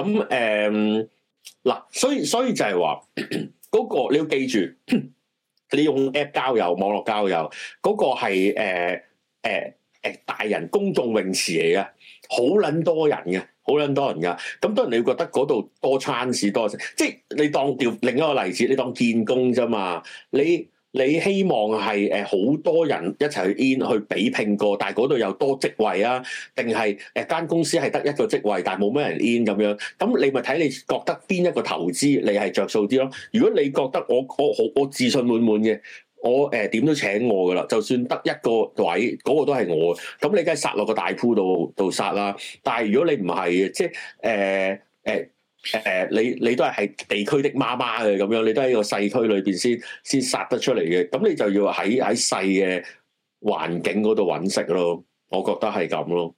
咁誒嗱，所以所以就係話嗰個你要記住， 你用 App 交友、網絡交友嗰、嗰個係誒誒大人公眾泳池嚟嘅，好撚多人嘅，好撚多人㗎。咁當然你會覺得嗰度多 chance 多，即係你當掉另一個例子，你當見工啫嘛，你。你希望係誒好多人一齊去 in 去比拼過，但係嗰度有多職位啊？定係誒間公司係得一個職位，但係冇咩人 in 咁樣？咁你咪睇你覺得邊一個投資你係着數啲咯？如果你覺得我我我,我自信滿滿嘅，我誒點、呃、都請我噶啦，就算得一個位，嗰、嗰個都係我。咁你梗係殺落個大鋪度度殺啦。但係如果你唔係即係誒誒。就是誒、呃、你你都係係地區的媽媽嘅，咁樣，你都喺個細區裏邊先先殺得出嚟嘅，咁你就要喺喺細嘅環境嗰度揾食咯，我覺得係咁咯。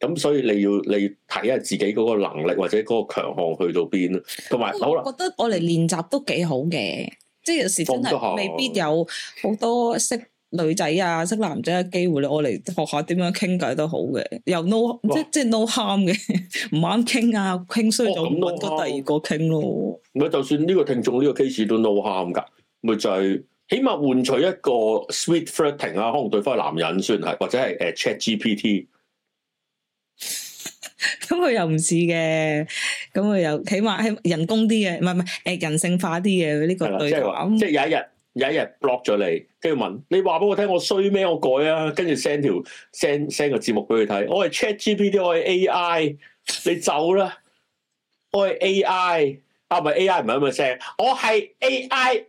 咁所以你要你睇下自己嗰個能力或者嗰個強項去到邊，同埋我覺得我嚟練習都幾好嘅，嗯、即係有時真係未必有好多識。女仔啊，識男仔嘅機會咧，我嚟學下點樣傾偈都好嘅，又即哇即 no 即即 no harm 嘅，唔啱傾啊，傾衰咗揾個第二個傾咯。咪、哦、就算呢個聽眾呢個 case 都 no harm 噶，咪就係、是、起碼換取一個 sweet flirting 啊，可能對方男人算係，或者係誒、uh, chat GPT。咁佢 又唔似嘅，咁佢又起碼係人工啲嘅，唔係唔係誒人性化啲嘅呢個對。即係話，即係有一日有一日 block 咗你。跟住問你話俾我聽，我衰咩？我改啊！跟住 send 條 send send 個節目俾佢睇。我係 ChatGPT，我係 AI，你走啦！我係 AI 啊，唔係 AI 唔係咁嘅聲，我係 AI。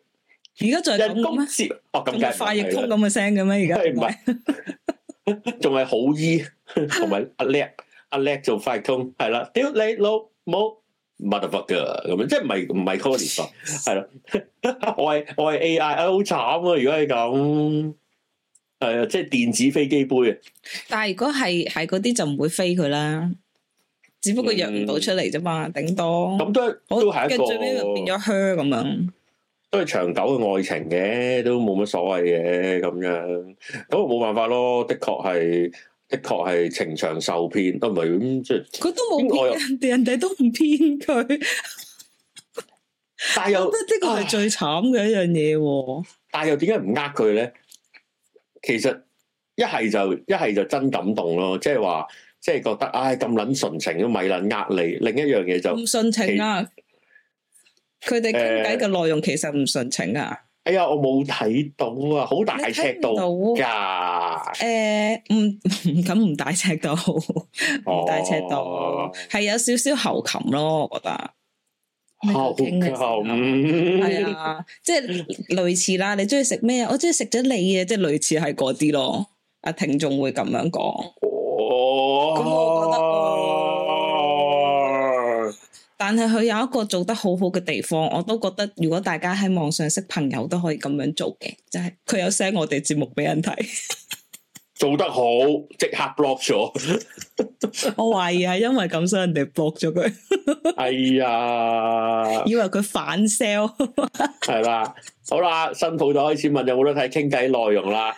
而家仲係人工接哦，咁快易通咁嘅聲嘅咩？而家唔係，仲係 好醫同埋阿叻，阿叻 做快易通，係啦，屌你老母！m o t h e r f 咁樣，即係唔係唔係 c o l n i n g 係咯？我係我係 AI，好慘啊！如果你咁係啊，即係電子飛機杯啊！但係如果係係嗰啲就唔會飛佢啦，只不過約唔到出嚟啫嘛，頂、嗯、多咁都都係一個最變咗靴咁樣，都係長久嘅愛情嘅，都冇乜所謂嘅咁樣，咁冇辦法咯，的確係。的確係情場受騙，唔係咁，即係，佢都冇騙，又人哋人哋都唔騙佢。但又，覺得，呢個係最慘嘅一樣嘢。但又點解唔呃佢咧？其實一係就一係就真感動咯，即係話，即係覺得，唉咁捻純情，咪捻呃你。另一樣嘢就唔純情啊，佢哋傾偈嘅內容其實唔純情啊。呃哎呀，我冇睇到啊，好大尺度噶。誒，唔唔咁唔大尺度，唔大尺度，係、哦、有少少喉擒咯，我覺得。喉擒嘅喉擒，係啊，即係類似啦。你中意食咩啊？我中意食咗你嘅，即係類似係嗰啲咯。阿聽眾會咁樣講。但係佢有一個做得好好嘅地方，我都覺得如果大家喺網上識朋友都可以咁樣做嘅，就係、是、佢有 send 我哋節目俾人睇，做得好即刻 block 咗。Block 我懷疑係因為咁所以人哋 block 咗佢。 哎呀， 以為佢反 sell 係啦。好啦，新抱就開始問有冇得睇傾偈內容啦。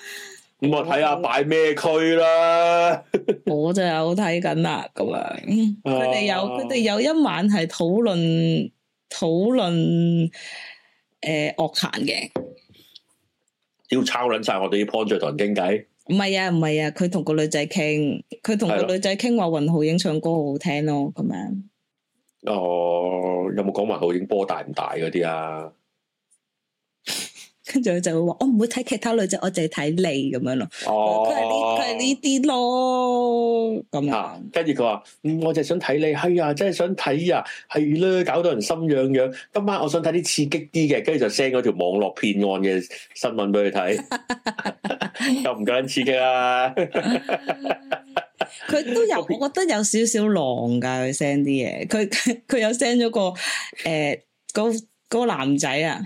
咁我睇下擺咩區啦，就看看區 我就有睇緊啦，咁樣佢哋有佢哋有一晚係討論討論誒樂壇嘅，呃、要抄撚晒我哋啲 project 同人傾偈。唔係啊唔係啊，佢同，啊、個女仔傾，佢同個女仔傾話雲浩影唱歌好好聽咯，咁樣哦，有冇講雲浩影波大唔大嗰啲啊？ 跟住佢就會話我唔會睇其他女仔，我淨係睇你咁樣咯。佢係呢，啲咯咁樣。跟住佢話，我就係想睇你。係啊、哦嗯哎，真係想睇啊，係、哎、咧，搞到人心癢癢。今晚我想睇啲刺激啲嘅，跟住就 send 嗰條網絡騙案嘅新聞俾佢睇。 又唔夠癮刺激啊！佢都有，我覺得有少少狼噶。佢 send 啲嘢，佢佢有 send 咗個誒，嗰、呃、嗰、那個那個男仔啊。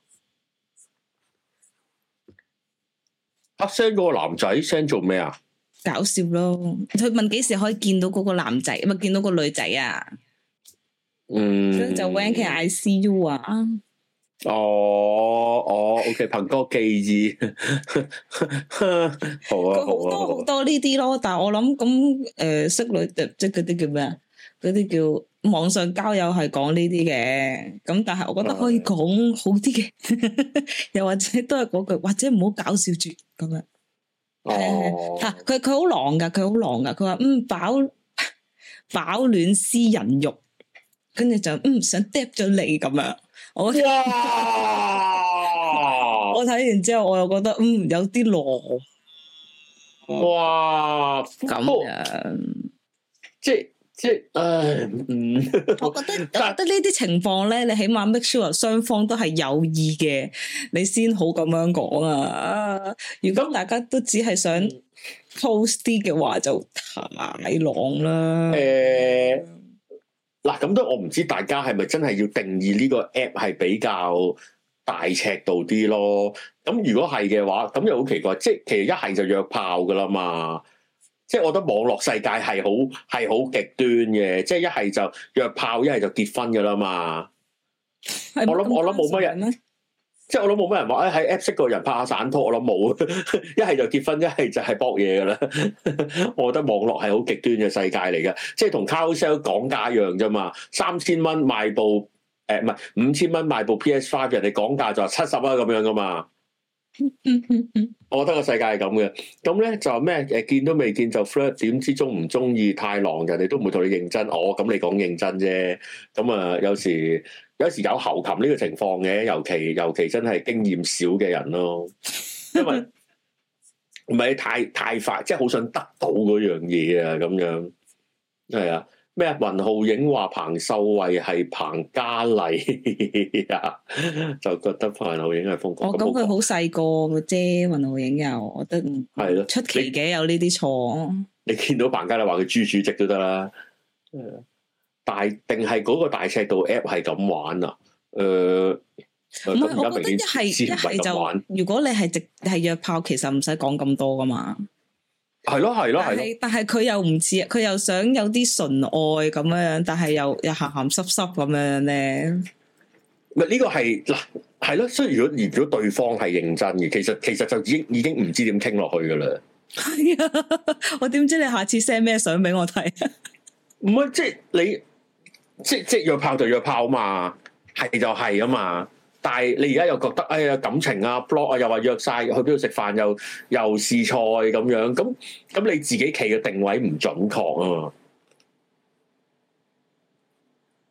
拍聲嗰個男仔聲做咩啊？搞笑咯！佢問幾時可以見到嗰個男仔，咪見到個女仔啊？嗯，就 When can I c u 啊？哦、啊、哦，OK，憑 歌寄意、 啊 多啊，好啊好啊，好多好多呢啲咯。但係我諗咁誒，識、呃、女即係嗰啲叫咩啊？嗰啲叫。網上交友係講呢啲嘅，咁但係我覺得可以講好啲嘅，的 又或者都係嗰句，或者唔好搞笑住咁樣。係吓佢佢好狼噶，佢好狼噶，佢話嗯飽飽暖思淫慾，跟住就嗯想嗒咗你咁樣。哇 我我睇完之後我又覺得嗯有啲狼，嗯。哇咁樣，哦、即係。即係，唉， 唔， 我覺得我覺得呢啲情況咧，你起碼 make sure 雙方都係有意嘅，你先好咁樣講啊。如果大家都只係想 post 啲嘅話，就你浪啦。誒、嗯，嗱，咁都我唔知大家係咪真係要定義呢個 app 係比較大尺度啲咯？咁如果係嘅話，咁又好奇怪，即係其實一係就約炮噶啦嘛。即係我覺得網絡世界係好係好極端嘅，即係一係就約炮，一係就結婚嘅啦嘛。我諗我諗冇乜人，啊、即係我諗冇乜人話誒喺、哎、Apps 識個人拍下散拖，我諗冇。一 係就結婚，一係就係博嘢嘅啦。 我覺得網絡係好極端嘅世界嚟嘅，即係同 Carousell 講價一樣啫、呃、嘛。三千蚊賣部誒唔係五千蚊賣部 PS Five，人哋講價就話七十啊咁樣噶嘛。嗯嗯嗯， 我覺得個世界係咁嘅，咁咧就咩？誒，見都未見就 flirt 點知中唔中意太狼，人哋都唔會同你認真。我、哦、咁你講認真啫，咁啊有，有時有時有猴擒呢個情況嘅，尤其尤其真係經驗少嘅人咯，因為唔係太 太，太快，即係好想得到嗰樣嘢啊，咁樣係啊。咩？雲浩影話彭秀慧係彭嘉麗啊，就覺得彭浩影係瘋狂。我咁佢好細個嘅啫，雲浩影又，我覺得唔係咯，出奇嘅的有呢啲錯。你見到彭嘉麗話佢朱主席都得啦，誒的，但定係嗰個大尺度 app 係咁玩啊？誒、呃，唔係，我覺得一係一係就，就，如果你係直係約炮，其實唔使講咁多噶嘛。係咯，係咯，係咯，但係佢又唔似，佢又想有啲純愛咁樣，但係又又鹹鹹濕濕咁樣咧。咪呢個係嗱，係咯，雖然如果如果對方係認真嘅，而其實其實就已經已經唔知點傾落去噶啦。 我點知你下次 send 咩相俾我睇？唔 係即係你，即即約炮就約炮啊嘛，係就係啊嘛。但係你而家又覺得，哎呀，感情啊，blog 啊，又話約晒去邊度食飯，又又試菜咁樣，咁咁你自己企嘅定位唔準確啊嘛！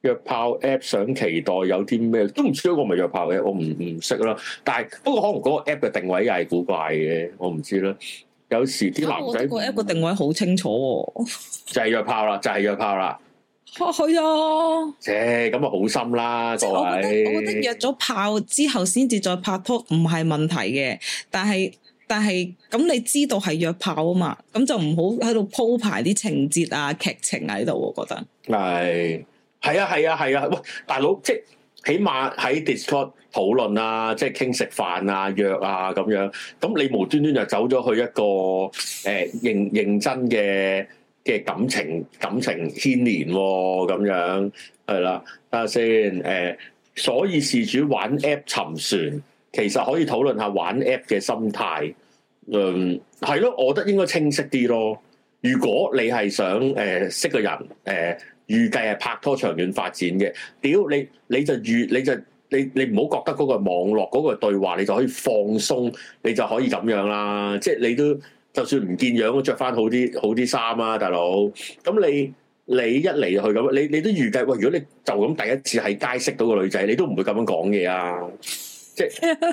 約炮 app 想期待有啲咩都唔知，我咪約炮嘅，我唔唔識啦。但係不過可能嗰個 app 嘅定位又係古怪嘅，我唔知啦。有時啲男仔個 app 個定位好清楚，就係約炮啦，就係約炮啦。啊，係啊，啫咁啊，好心啦，就係位。我覺得約咗炮之後先至再拍拖唔係問題嘅，但係但係咁你知道係約炮啊嘛，咁就唔好喺度鋪排啲情節啊、劇情喺、啊、度，我覺得係係啊，係啊，係啊，啊，喂，大佬，即起碼喺 Discord 討論啊，即係傾食飯啊、約啊咁樣，咁你無端端就走咗去一個誒、欸、認認真嘅。嘅感情感情牽連喎、哦，咁樣係啦，等下先。誒、呃，所以事主玩 App 沉船，其實可以討論下玩 App 嘅心態。嗯，係咯，我覺得應該清晰啲咯。如果你係想誒、呃、識個人，誒預計係拍拖長遠發展嘅，屌你你就預你就你你唔好覺得嗰個網絡嗰、那個對話，你就可以放鬆，你就可以咁樣啦。即係你都。就算唔見樣，都著翻好啲好啲衫啊，大佬！咁你你一嚟就去咁，你你都預計喂，如果你就咁第一次喺街識到個女仔，你都唔會咁樣講嘢啊！即係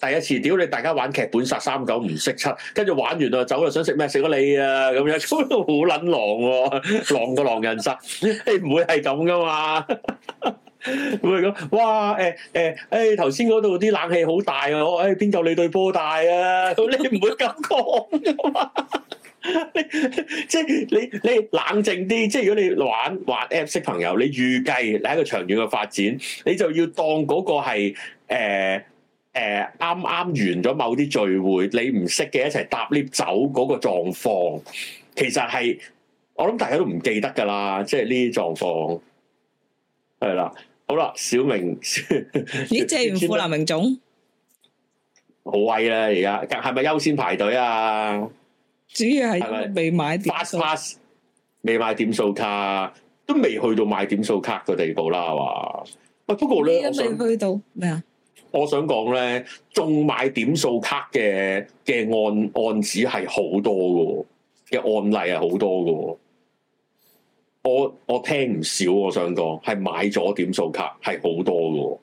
第一次，屌你！大家玩劇本殺三九唔識七，跟住玩完啊走啊，想食咩食咗你啊！咁樣好撚狼喎、啊，狼過狼人殺，你唔 會係咁噶嘛？ 會咁，哇，誒、欸，誒、欸，誒，頭先嗰度啲冷氣好大啊！我，誒、欸，邊有你對波大啊？你唔會咁講噶嘛？即係你，你冷靜啲。即係如果你玩玩 app 識朋友，你預計你喺一個長遠嘅發展，你就要當嗰個係，誒、呃，誒、呃，啱啱完咗某啲聚會，你唔識嘅一齊搭 lift 走嗰個狀況，其實係我諗大家都唔記得噶啦，即係呢啲狀況，係啦。好啦，小明，咦， 借完富男明總，好威啦而家，係咪優先排隊啊？主要係未買 Fast Pass，未買點數卡，都未去到買點數卡嘅地步啦，係嘛？喂，不過咧，的想未去到咩啊？我想講咧，仲買點數卡嘅嘅案案子係好多嘅，嘅案例係好多嘅。我我聽唔少，我想講，係買咗點數卡，係好多嘅，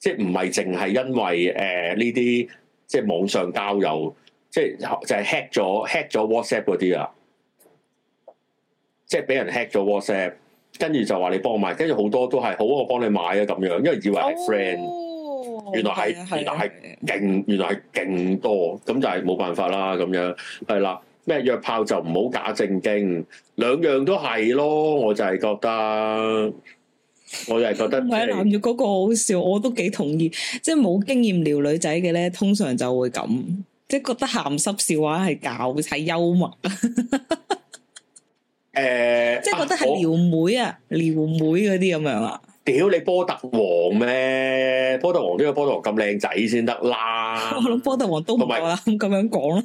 即係唔係淨係因為誒，呢啲即係網上交友，即係就係 hack 咗 hack 咗 WhatsApp 嗰啲啊，即係俾人 hack 咗 WhatsApp，跟住就話你幫我買，跟住好多都係好，我幫你買啊咁樣，因為以為係 friend，oh, 原來係 okay, 原來係勁，原來係勁多，咁就係冇辦法啦，咁樣係啦。咩約炮就唔好假正經，兩樣都係咯，我就係覺得，我就係覺得。唔係南越嗰個好笑，我都幾同意，即係冇經驗撩女仔嘅咧，通常就會咁，即係覺得咸濕笑話係搞晒幽默。誒，即係覺得係撩妹啊，撩妹嗰啲咁樣啊？屌你波特王咩？波特王邊個波特王咁靚仔先得啦？我諗波特王都唔敢咁樣講啦。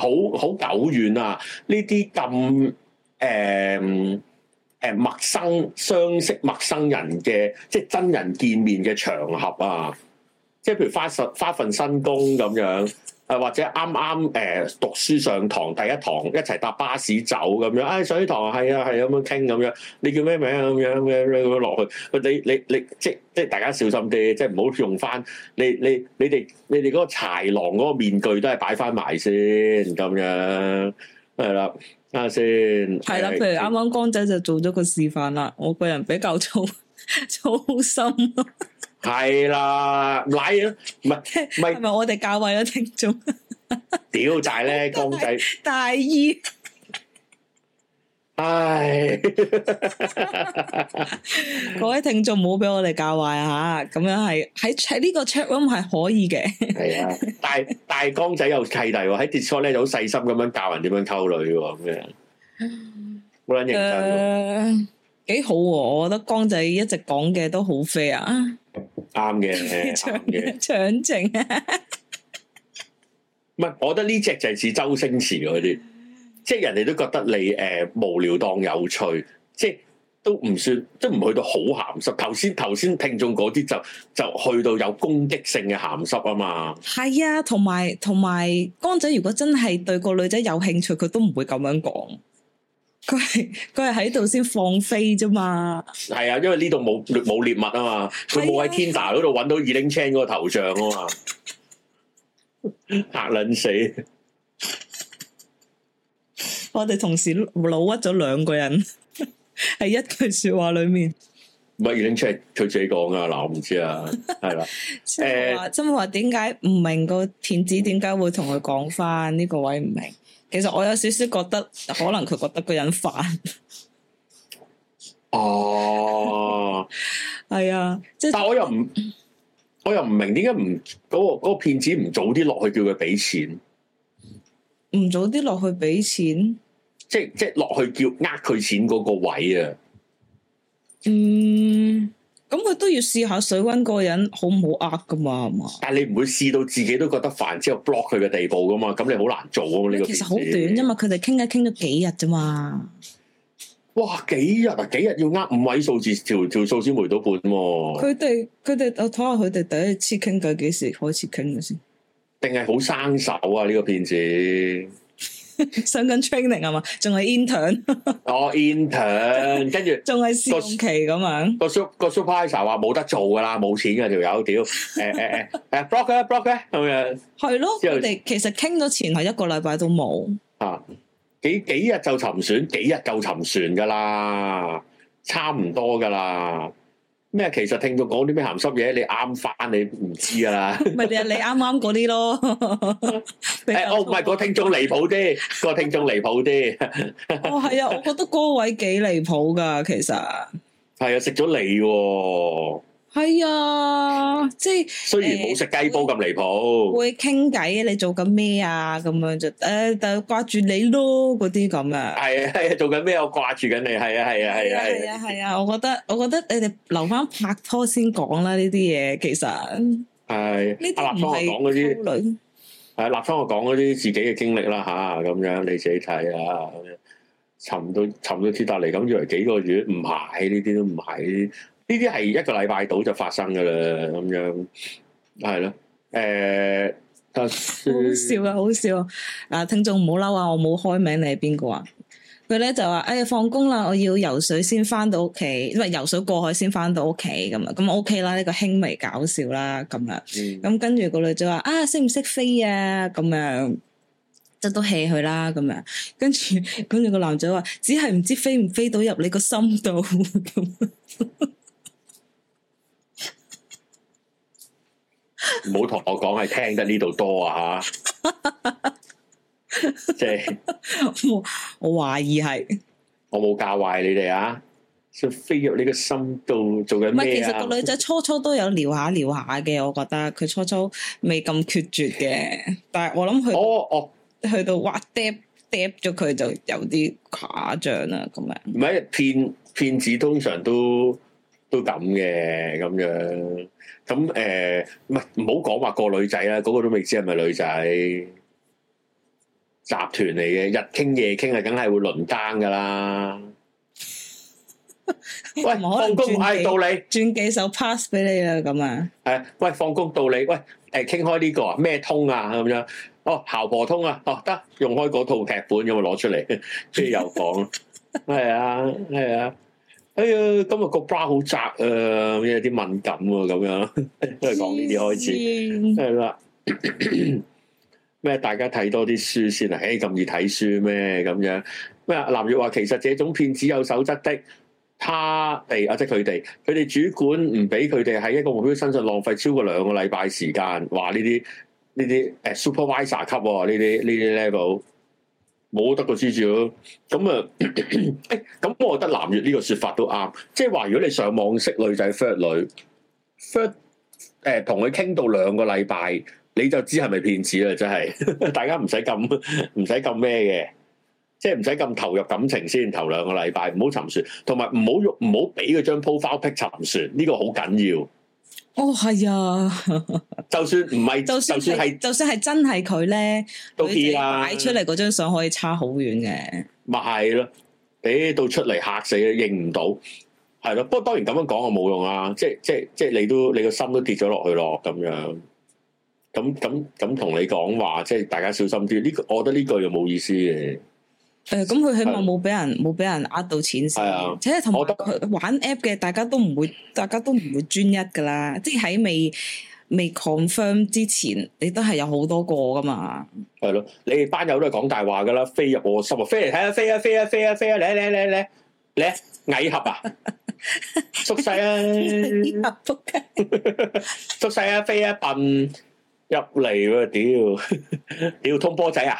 好好久遠啊！呢啲咁誒誒陌生相識陌生人嘅，即係真人見面嘅場合啊！即係譬如花十花份新工咁樣。誒或者啱啱誒讀書上堂第一堂一齊搭巴士走咁樣，哎上堂係啊係咁、啊、樣傾咁樣，你叫咩名咁樣咁樣咁樣落去，你你你即即大家小心啲，即唔好用翻你你你哋你哋嗰個豺狼嗰個面具都係擺翻埋先，咁樣係啦，睇下先。係啦、啊啊，譬如啱啱光仔就做咗個示範啦，我個人比較粗粗心。 係啦，咪咪咪，我哋教壞咗聽眾，屌仔咧，光仔 大意，唉大， 哎、 各位聽眾唔好俾我哋教壞吓、啊，咁樣係喺呢個 check room 係可以嘅。係 啊，但係但係，光仔又契弟喎、啊，喺 discord 就好細心咁樣教人點樣溝女嘅咁樣，好捻、呃、認真咯、啊呃，幾好、啊。我覺得光仔一直講嘅都好 fair 啊。啱嘅，長情唔係，我覺得呢隻就係似周星馳嗰啲，即係人哋都覺得你誒、呃、無聊當有趣，即係都唔算，都唔去到好鹹濕。頭先頭先聽眾嗰啲就就去到有攻擊性嘅鹹濕啊嘛。係啊，同埋同埋，江仔如果真係對個女仔有興趣，佢都唔會咁樣講。佢係佢係喺度先放飛啫嘛，係 啊，因為呢度冇冇獵物啊嘛，佢冇喺 Tinder 嗰度揾到 Eling Chan 嗰個頭像啊嘛，吓撚 死！我哋同時老屈咗兩個人，喺 一句說話裏面，唔係 Eling Chan 佢自己講噶，嗱我唔知啊，係啦 吧，誒、欸，真話，點解唔明個騙子點解會同佢講翻呢個位唔明？其實我有少少覺得，可能佢覺得個人煩。哦，係啊，即係、 啊，即係、但係我又唔，我又唔明、嗰個嗰個、點解唔嗰個嗰個騙子唔早啲落去叫佢俾錢，唔早啲落去俾錢，即係即係落去叫呃佢錢嗰個位啊。嗯。咁佢都要試下水溫，個人好唔好呃噶嘛？係嘛？但係你唔會試到自己都覺得煩之後 block 佢嘅地步噶嘛？咁你好難做啊嘛，呢個其實好短啫嘛，佢哋傾偈傾咗幾日啫嘛。哇！幾日啊？幾日要呃五位數字條條數先回到半喎、啊。佢哋佢哋，我睇下佢哋第一次傾偈幾時開始傾嘅先。定係好生手啊！呢個騙子。上緊 training 啊嘛，仲係 in、 oh, intern 著。哦 intern，跟住仲係試用期咁樣。個 sup 個 supervisor 話冇得做噶啦，冇錢噶條友，屌、這個！誒誒誒誒，block 咧、er, block 咧咁樣。係咯，佢哋其實傾咗前後一個禮拜都冇。吓、啊、幾幾日就沉船，幾日就沉船噶啦，差唔多噶啦。咩？其實聽眾講啲咩鹹濕嘢，你啱翻，你唔知噶啦。咪就係你啱啱嗰啲咯。誒，我唔係個聽眾離譜啲，個聽眾離譜啲。哦，係啊，我覺得嗰位幾離譜噶，其實係啊，食咗你。係啊，即係雖然冇食雞煲咁離譜，會傾偈你做緊咩啊？咁樣就誒，就掛住你咯，嗰啲咁啊。係啊係啊，做緊咩？我掛住緊你。係啊係啊係啊係啊係啊！啊啊 我覺得，我覺得你哋留翻拍拖先講啦，呢啲嘢其實係阿、啊啊、立昌講啲，係立昌我講嗰啲自己嘅經歷啦吓，咁、啊、樣你自己睇啊。沉到沉到鐵達尼咁，以為幾個月唔買，呢啲都唔買。呢啲係一個禮拜到就發生噶啦，咁樣係咯，誒，欸、好笑啊，好笑啊！啊，聽眾唔好嬲啊，我冇開名，你係邊個啊？佢咧就話，呀，放工啦，我要游水先翻到屋企，因、呃、係游水過去先翻到屋企咁啊。咁我 OK 啦，呢、這個輕微搞笑啦，咁樣。咁、嗯、跟住個女仔話：啊，識唔識飛啊？咁樣執都氣佢啦，咁樣。跟住跟住個男仔話：只係唔知飛唔飛到入你個心度咁。 唔好同我講係聽得呢度多啊吓，即係我我懷疑係我冇教壞你哋啊，即係飛入呢個深度做緊咩啊？其實個女仔初初都有撩下撩下嘅，我覺得佢初初未咁決絕嘅，但係我諗佢哦哦去到挖掟掟咗佢就有啲誇張啦，咁樣唔係騙騙子通常都。都咁嘅咁樣，咁誒唔係唔好講話個女仔啦，嗰個都未知係咪女仔集團嚟嘅，日傾夜傾啊，梗係會輪更噶啦！喂，放工嗌到你，轉幾首 pass 俾你啦，咁啊誒，喂，放工道理。喂誒，傾開呢個啊，咩通啊咁樣？哦，姣婆通啊，哦得，用開嗰套劇本咁 啊，攞出嚟，跟住又講，係啊，係啊。哎呀，今日個 bra 好窄啊！嗯、有啲敏感喎、啊，咁樣都係講呢啲開始，係啦。咩？ 大家睇多啲書先啊！誒、欸，咁易睇書咩？咁樣咩？藍月話其實這種騙子有守則的，他哋啊，即係佢哋，佢哋主管唔俾佢哋喺一個目標身上浪費超過兩個禮拜時間。話呢啲呢啲誒 supervisor 級呢啲呢啲 level。冇得個豬豬咯，咁啊，誒，咁我覺得南越呢個說法都啱，即係話如果你上網識女仔 fit 女 fit，誒同佢傾到兩個禮拜，你就知係咪騙子啦！真、就、係、是，大家唔使咁唔使咁咩嘅，即係唔使咁投入感情先，頭兩個禮拜，唔好沉船，同埋唔好用唔好俾嗰張 profile pic 沉船，呢、這個好緊要。哦，係啊！就算唔係， 就算係， 就算係 真係佢咧，佢擺出嚟嗰張相可以差好遠嘅，咪係咯？誒、欸，到出嚟吓死啦，認唔到，係咯？不過當然咁樣講就冇用啦，即係即係即係你都你個心都跌咗落去咯，咁樣，咁咁咁同你講話，即係大家小心啲。呢、這個我覺得呢句又冇意思嘅。誒，咁佢、哎啊啊、起碼冇俾人冇俾人呃到錢先，啊、而且同我覺得玩 app 嘅，大家都唔會，大家都唔會專一噶啦，即係喺未未 confirm 之前，你都係有好多個噶嘛。係咯，你班友都係講大話噶啦，飛入我心看看啊！飛嚟睇下，飛啊飛啊飛啊飛啊，嚟嚟嚟嚟嚟，蟻俠啊！縮細啊！蟻俠縮細啊！飛啊笨入嚟喎，屌！屌 通波仔啊！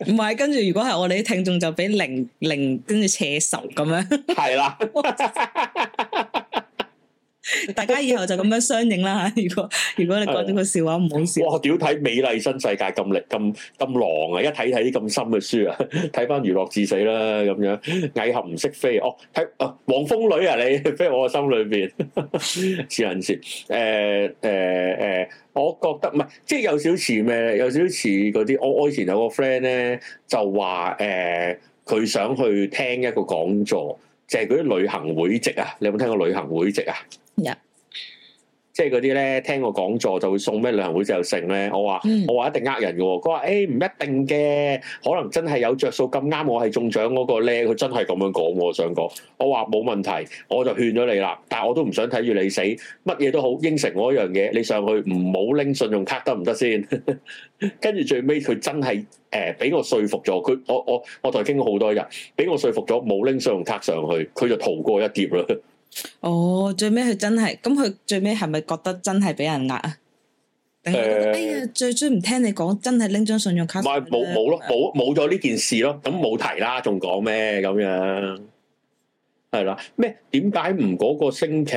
唔係，跟住 如果係我哋啲聽眾就俾零零，跟住扯十咁樣。係啦。大家以後就咁樣相應啦吓。如果如果你覺得佢笑話唔好、啊、笑，我屌睇美麗新世界咁厲咁咁狼啊！一睇睇啲咁深嘅書啊，睇翻娛樂至死啦咁樣。蟻俠唔識飛哦，睇啊、哦、黃蜂女啊你飛我個心裏邊。是人是。誒誒誒，我覺得唔係，即係有少少似咩？有少少似嗰啲。我我以前有個 friend 咧，就話誒，佢、欸、想去聽一個講座，就係嗰啲旅行會籍啊。你有冇聽過旅行會籍啊？呀！即係嗰啲咧，聽我講座就會送咩旅行會就剩咧。我話我話一定呃人嘅，佢話誒唔一定嘅，可能真係有着數咁啱我係中獎嗰個咧，佢真係咁樣講。我想講，我話冇問題，我就勸咗你啦。但係我都唔想睇住你死，乜嘢都好，應承我一樣嘢，你上去唔好拎信用卡得唔得先？跟住最尾佢真係誒俾我說服咗，佢我我我同佢傾咗好多日，俾我說服咗冇拎信用卡上去，佢就逃過一劫啦。哦，最尾佢真係，咁佢最尾係咪覺得真係俾人呃？啊？欸、哎呀，最尾唔聽你講，真係拎張信用卡。咪冇冇咯，冇冇咗呢件事咯，咁冇提啦，仲講咩咁樣？係啦，咩？點解唔嗰個星期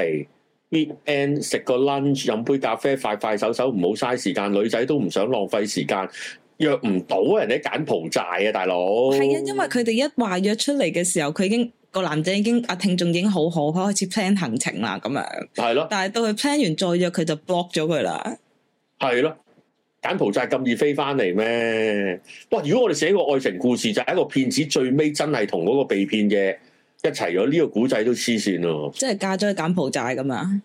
week end 食個 lunch，飲杯咖啡，快快手手，唔好嘥時間。女仔都唔想浪費時間，約唔到人哋柬埔寨啊，大佬。係啊、嗯，因為佢哋一話約出嚟嘅時候，佢已經。個男仔已經阿聽眾已經好好，開始 plan 行程啦，咁樣。係咯。但係到佢 plan 完再約佢就 block 咗佢啦。係咯。柬埔寨咁易飛翻嚟咩？喂，如果我哋寫個愛情故事就係一個騙子最尾真係同嗰個被騙嘅一齊咗，呢個古仔都黐線咯。即係嫁咗去柬埔寨咁啊！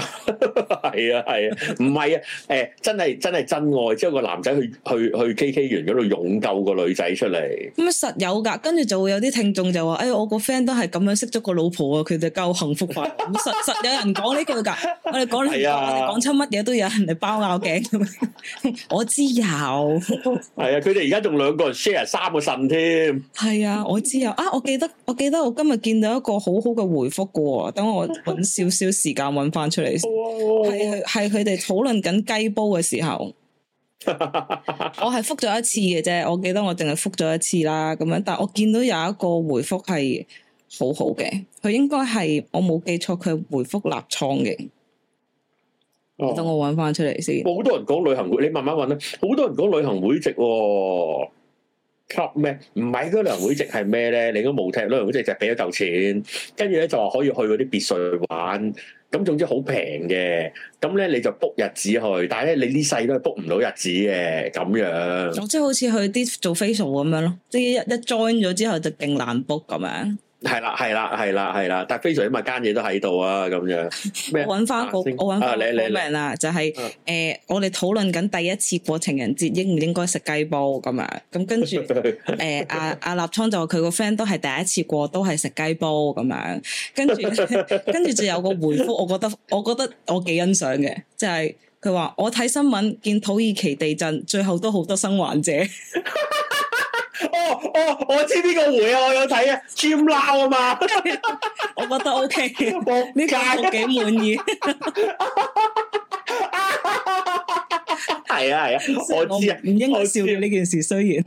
係啊係啊，唔係啊，誒、啊啊欸，真係真係真愛，之後個男仔去去去 K K 園嗰度，勇救個女仔出嚟。咁實有噶，跟住就會有啲聽眾就話：誒、哎，我個 friend 都係咁樣識咗個老婆啊，佢哋夠幸福啊。 」咁實實有人講呢句噶， 我哋講、啊、我哋講出乜嘢都有人嚟包拗頸。 我知有道，係 啊，佢哋而家仲兩個 share 三個腎添。係 啊，我知有啊，我記得我記得，我記得我今日見到一個好好嘅回覆噶，等我搵少少時間搵翻出。 係佢係佢哋討論緊雞煲嘅時候， 我係複咗一次嘅啫。我記得我淨係複咗一次啦。咁樣，但我見到有一個回複係好好嘅，佢應該係我冇記錯，佢回複立倉嘅。哦，等我揾翻出嚟先。好多人講旅行會，你慢慢揾啦。好多人講旅行會籍，哦，吸咩？唔係嗰旅行會籍係咩咧？你都冇踢旅行會籍，就俾咗嚿錢，跟住咧就話可以去嗰啲別墅玩。咁總之好平嘅，咁咧你就 book 日子去，但係咧你呢世都係 book 唔到日子嘅咁樣。總之好似去啲做 facial 咁樣咯，即係一一 join 咗之後就勁難 book 咁樣。嗯。係啦，係啦，係啦，係啦，但係非常之咪間嘢都喺度啊，咁樣。 我揾翻、那個，啊、我揾你，你、啊。明啦，就係、是、誒、啊呃，我哋討論緊第一次過情人節應唔應該食雞煲咁樣，咁跟住誒阿阿立聰就話佢個 friend 都係第一次過，都係食雞煲咁樣，跟住跟住就有個回復我我，我覺得我覺得我幾欣賞嘅，就係佢話我睇新聞見土耳其地震，最後都好多生還者。 哦哦，我知邊個回啊！我有睇啊，Jim Lau 啊嘛，我覺得 OK，我呢家我幾滿意，係啊，係啊，我知唔應該笑呢件事，雖然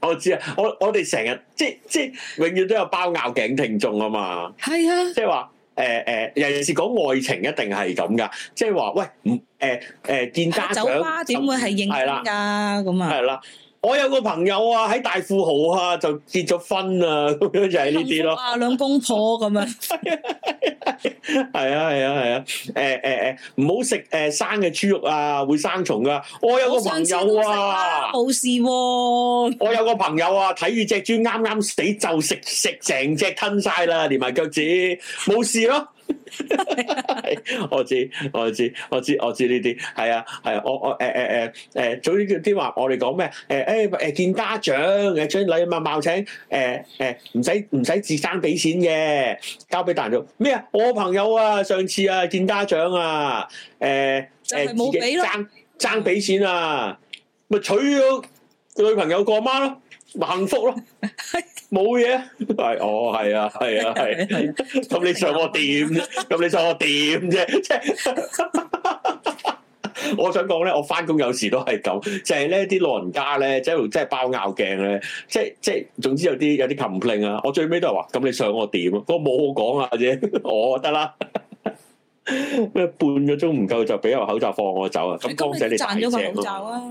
我知啊，我我哋成日即即永遠都有包拗頸聽眾啊嘛，係 啊的，即係話誒誒，尤其是講愛情一定係咁噶，即係話喂唔誒誒，見、呃、家長點會係應係啦，咁啊係啦。我有個朋友啊，喺大富豪啊，就結咗婚啊，就係呢啲咯。啊，兩公婆咁樣 啊！係啊，係啊，係啊！誒誒誒，唔好食誒生嘅豬肉啊，會生蟲噶、啊。我有個朋友啊，冇事、啊。 我有個朋友啊，睇住隻豬啱啱死就食食成隻吞晒啦，連埋腳趾，冇事咯。 我知， 我知，我知，我知呢啲係啊，係、啊、我我誒誒誒誒，早啲叫啲話我哋講咩誒誒誒見家長，誒將禮物啊請誒誒，唔使唔使自爭俾錢嘅，交俾大人咩啊？我朋友啊，上次啊見家長啊，誒、欸、誒，自己爭爭俾錢啊，咪娶咗女朋友個媽咯。幸福咯，冇嘢。係、哎，哦，係啊，係啊，係、啊。咁、啊啊啊啊、你想我點？咁 你想我點啫？即係 我想講咧，我翻工有時都係咁，就係、是、呢啲老人家咧，即係即係包拗頸咧，即係即係，總之有啲有啲琴 i 啊。我最尾都係話，咁你想我點啊？我冇講啊，啫，我得啦。咩半個鐘唔夠就俾個口罩放我走啊？咁恭喜你賺咗個口罩啊！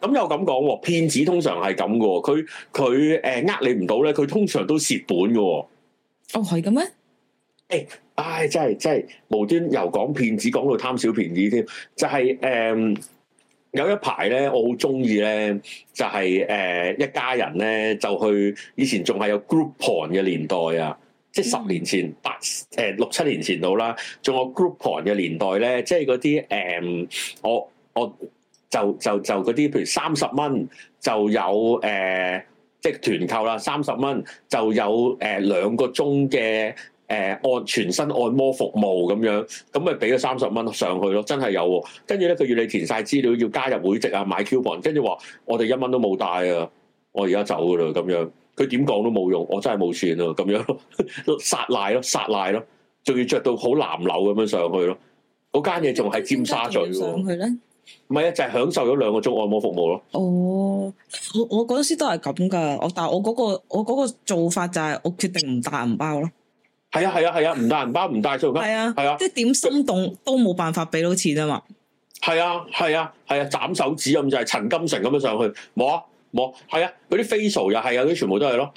咁又咁講喎，騙子通常係咁嘅喎，佢佢誒呃你唔到咧，佢通常都蝕本嘅喎。哦，係咁咩？誒、哎，唉、哎，真係真係無端由講騙子講到貪小便宜添，就係、是、誒、呃、有一排咧，我好中意咧，就係、是、誒、呃、一家人咧就去以前仲係有 Groupon 嘅年代啊，即、就、係、是、十年前八誒、嗯、六七年前度啦，仲有 Groupon 嘅年代咧，即係嗰啲誒我我。我就就就嗰啲，譬如三十蚊就有誒，即、呃、係、就是、團購啦，三十蚊就有誒兩、呃、個鐘嘅誒按全身按摩服務咁樣，咁咪俾咗三十蚊上去咯，真係有、啊。跟住咧，佢要你填晒資料，要加入會籍啊，買 coupon，跟住話我哋一蚊都冇帶啊，我而家走噶啦咁樣。佢點講都冇用，我真係冇錢咯、啊，咁樣殺賴咯，殺賴咯，仲要着到好藍樓咁樣上去咯。嗰間嘢仲係尖沙咀喎。唔係啊，就係、是、享受咗兩個鐘按摩服務咯。哦，我我嗰陣時都係咁噶，我但係我嗰、那個我個做法就係我決定唔帶銀包咯。係啊係啊係啊，唔帶銀包唔帶出去。係啊係啊，即係點心動都冇辦法俾到錢啊嘛。係啊係啊係啊，斬、啊啊啊、手指咁就係、是、陳金城咁樣上去，冇啊冇，係啊嗰啲 facial 又係啊，嗰啲全部都係咯。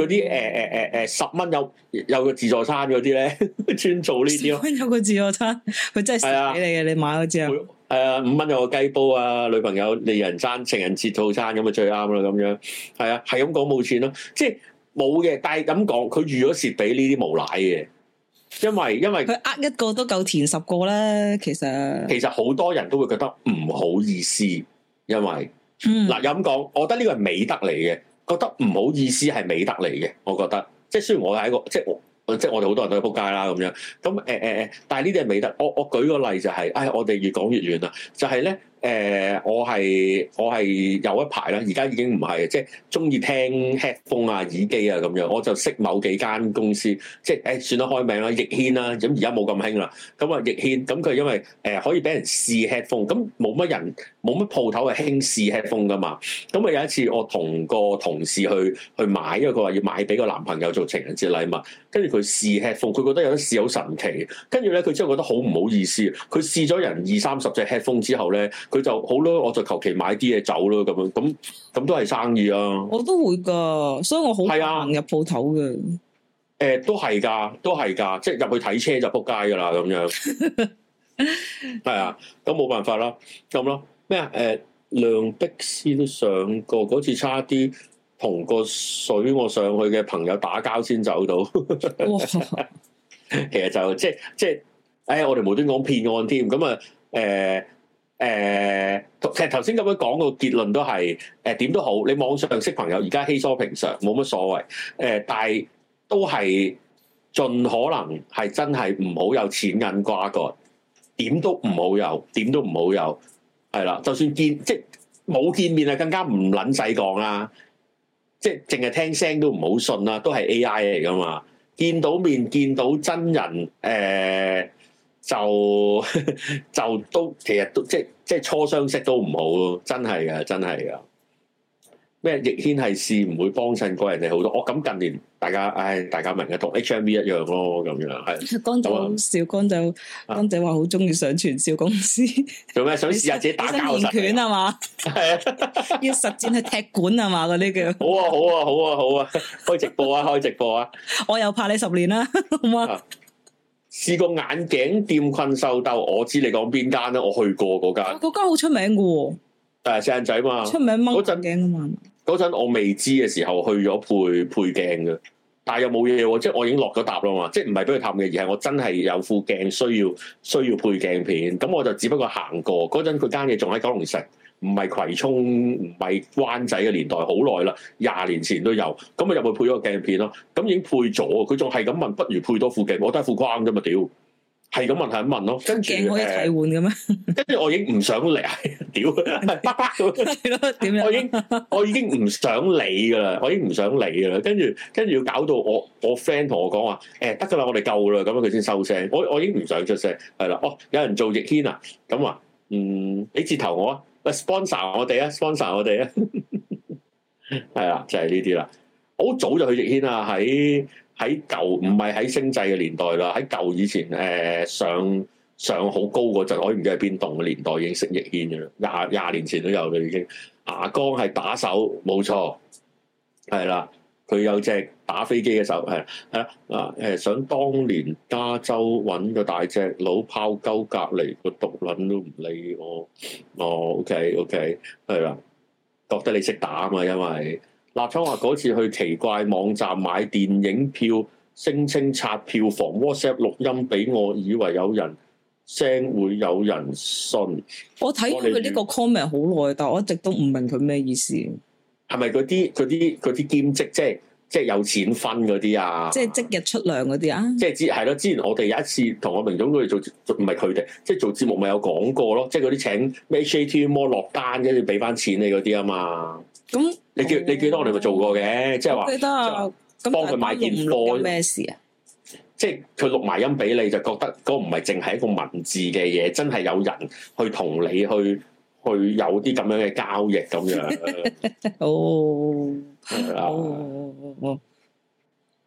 嗰啲誒誒誒誒十蚊有有個自助餐嗰啲咧專做呢啲咯，十蚊有個自助餐佢真係蝕俾你嘅。啊、你買咗之助之後，係啊五蚊有個雞煲啊，女朋友二人餐，情人節套餐咁咪最啱啦，咁樣，係啊，係咁講冇錢咯、啊，即係冇嘅，但係咁講佢預咗蝕俾呢啲無賴嘅，因為因為佢呃一個都夠填十個啦，其實其實好多人都會覺得唔好意思，因為嗱又咁講，嗯嗯、我覺得呢個係美德嚟嘅。覺得唔好意思係美德嚟嘅，我覺得，即係雖然我係一個，即係我，即係我哋好多人都喺撲街啦咁樣，咁誒誒，但係呢啲係美德。我我舉個例就係、是，唉，我哋越講越遠啦，就係、是、咧。誒、呃，我係我係有一排啦，而家已經唔係，即係中意聽 headphone 啊、耳機啊咁樣，我就識某幾間公司，即係誒、欸、算得開名啦，易軒啦，咁而家冇咁興啦。咁啊，易軒咁佢因為誒、呃、可以俾人試 headphone，咁冇乜人冇乜鋪頭係興試 headphone 噶嘛。咁啊有一次我同個同事去去買，因為佢話要買俾個男朋友做情人節禮物。跟住佢試 headphone 佢覺得有啲試好神奇。跟住咧，佢真係覺得好唔好意思。佢試咗人二三十隻 headphone 之後咧，佢就好咯。我就求其買啲嘢走咯，咁樣咁咁都係生意啊！我都會噶，所以我好懶行入鋪頭嘅。誒、啊欸，都係噶，都係噶，即係入去睇車就仆街噶啦，咁樣。係 啊，咁冇辦法啦，咁咯咩啊？誒、欸，梁碧思上過嗰次差，差啲。同個水我上去嘅朋友打交先走到，無無，呃呃，其實就即係即係誒。我哋無端講騙案添咁啊？誒誒，其實頭先咁樣講個結論都係誒，點都好。你網上識朋友而家稀疏平常冇乜所謂誒、呃，但係都係盡可能係真係唔好有錢銀瓜葛，點都唔好有，點都唔好有係啦。就算見即係冇見面啊，更加唔撚使講啦。即係淨係聽聲都唔好信啦，都係 AI 嚟㗎嘛。見到面見到真人，誒、呃、就 就都其實都即係即係初相識都唔好囉，真係㗎，真係㗎。咩？易軒係試唔會幫襯過人哋好多。我咁近年大家，唉、哎，大家明嘅，同 H M V 一樣咯，咁樣係總、嗯。江仔，小江就江仔話好中意上傳銷公司，做咩？想試下自己打膠實拳係嘛？係啊， 要實戰去踢館係嘛？嗰啲 叫好、啊。好啊，好啊，好啊，好啊！開直播啊，開直播啊！啊 我又怕你十年啦，好嘛？試 過眼鏡店困獸鬥，我知你講邊間啦，我去過嗰間，嗰間好出名嘅。誒，靚仔嘛，嘛 出名掹眼鏡啊嘛。嗰陣我未知嘅時候去咗配配鏡嘅，但係又冇嘢喎，即係我已經落咗搭啦嘛，即係唔係俾佢探嘅，而係我真係有副鏡需要需要配鏡片，咁我就只不過行過，嗰陣佢間嘢仲喺九龍城，唔係葵涌唔係灣仔嘅年代好耐啦，廿年前都有，咁咪入去配咗個鏡片咯，咁已經配咗，佢仲係咁問，不如多配多副鏡，我都係副框啫嘛，屌！係咁問，係咁問咯。跟住我一誒，換 跟住我已經唔想嚟，屌，係北北我已經我已經唔想理噶啦，我已經唔想理噶啦。跟住跟住要搞到我我 friend 同我講話誒，得噶啦，我哋、欸、夠啦。咁樣佢先收聲。我我已經唔想出聲係啦。哦，有人做逸軒啊？咁話、啊、嗯，你接頭我啊？sponsor 我哋啊，sponsor 我哋啊。係啦、啊啊啊， 就係呢啲啦。好早就去逸軒啊，喺。喺舊唔係喺星際嘅年代啦，喺舊以前誒、呃、上上好高嗰陣，我唔記得係邊棟嘅年代已經識易軒嘅啦，廿廿年前都有嘅已經。牙哥係打手，冇錯，係啦，佢有隻打飛機嘅手，係係啦啊誒，想當年加州揾個大隻佬拋鳩隔離個毒撚都唔理我，哦，OK OK，係啦，覺得你識打啊嘛，因為。立昌話嗰次去奇怪網站買電影票，聲稱刷票房 WhatsApp 錄音俾我，以為有人 send 會有人信。我睇佢呢個 comment 好耐，但係我一直都唔明佢咩意思。係咪嗰啲啲啲兼職，即係即係有錢分嗰啲啊？即係即日出糧嗰啲啊？即係之係咯，之前我哋有一次同我明總佢哋做做，唔係佢哋，即係做節目咪有講過咯，即係嗰啲請咩 HATV 魔落單跟住俾翻錢你嗰啲啊嘛。咁你記你、就是、記得我哋咪做過嘅，即係、嗯、話幫佢買件貨咩事啊？即係佢錄埋音俾你，就覺得嗰唔係淨係一個文字嘅嘢，真係有人去同你去去有啲咁樣嘅交易咁樣。哦。哦。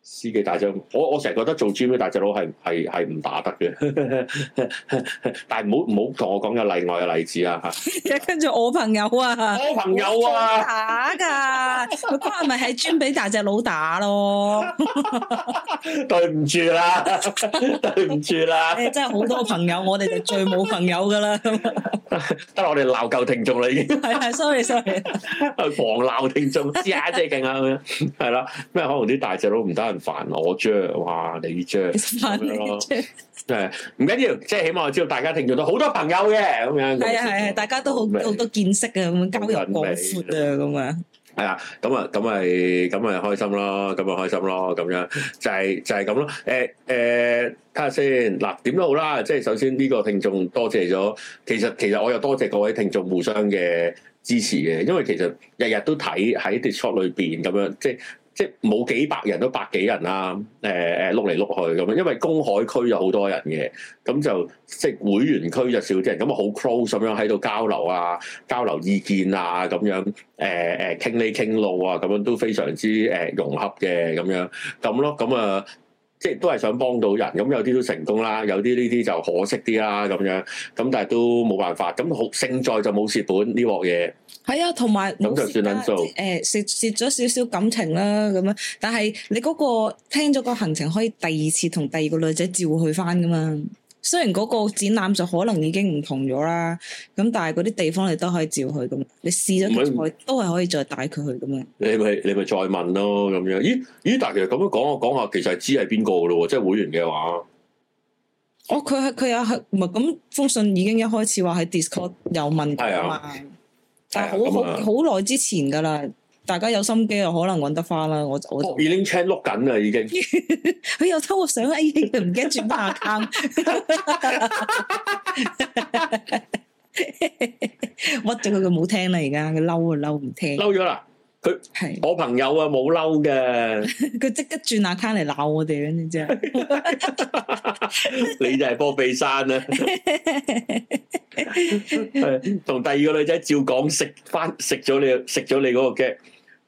司機大隻佬，我我成日覺得做 gym 大隻佬係係係唔打得嘅， 但係唔好唔好同我講有例外嘅例子啊吓！ 跟住我朋友啊，我朋友啊打噶，佢咪係專俾大隻佬打咯？ 對唔住啦， 對唔住啦！真係好多朋友，我哋就最冇朋友噶啦。得 我哋鬧夠聽眾啦已經，係係，sorry sorry，狂鬧聽眾，遮遮勁啊咁樣，係啦，咩 可能啲大隻佬唔得不？煩我啫，哇！你啫，煩你啫，係唔緊要，即係起碼我知道大家聽眾都好多朋友嘅咁樣。係啊係啊，大家都好好 多見識嘅咁樣，交友廣闊啊咁樣。係啊，咁啊，咁咪咁咪開心咯，咁咪開心咯，咁樣就係就係咁咯。誒、欸、誒，睇下先嗱，點都好啦。即係首先呢個聽眾多謝咗，其實其實我又多謝各位聽眾互相嘅支持嘅，因為其實日日都睇喺啲 Discord 裏邊咁樣，即係。即係冇幾百人都百幾人啦，啊，誒、呃、誒，碌嚟碌去咁樣，因為公海區有好多人嘅，咁就即係會員區就少啲人，咁啊好 close 咁樣喺度交流啊，交流意見啊咁樣，誒、呃、誒，傾呢傾路啊，咁樣都非常之誒、呃、融洽嘅咁樣，咁咯，咁啊。即係都係想幫到人，咁有啲都成功啦，有啲呢啲就可惜啲啦咁樣，咁但係都冇辦法，咁好勝在就冇蝕本呢鑊嘢。係啊，同埋咁就算撚數，誒蝕蝕咗少少感情啦咁樣，但係你嗰、嗰個聽咗個行程，可以第二次同第二個女仔照去翻噶嘛。雖然嗰個展覽就可能已經唔同咗啦，咁但係嗰啲地方你都可以照去咁，你試咗佢，是都係可以再帶佢去咁樣。你咪你咪再問咯咁樣。咦咦，但係其實咁樣講，我講下，其實係知係邊個噶咯，即係會員嘅話。哦，佢係佢又係，唔係咁封信已經一開始話喺 Discord 有問過嘛，但係好這樣 好好耐之前噶啦。大家有心機啊，可能揾得翻啦。我、哦、我 channel 碌緊啦，已經佢 又偷個相，哎呀， 唔驚轉下 account，屈咗佢佢冇聽啦，而家佢嬲啊嬲，唔聽嬲咗啦。佢是我朋友啊，冇嬲嘅。佢即 刻轉下 account 嚟鬧我哋，你知啊？ 你就係波費山啦，同 第二個女仔照講食翻食咗你食咗你嗰個 g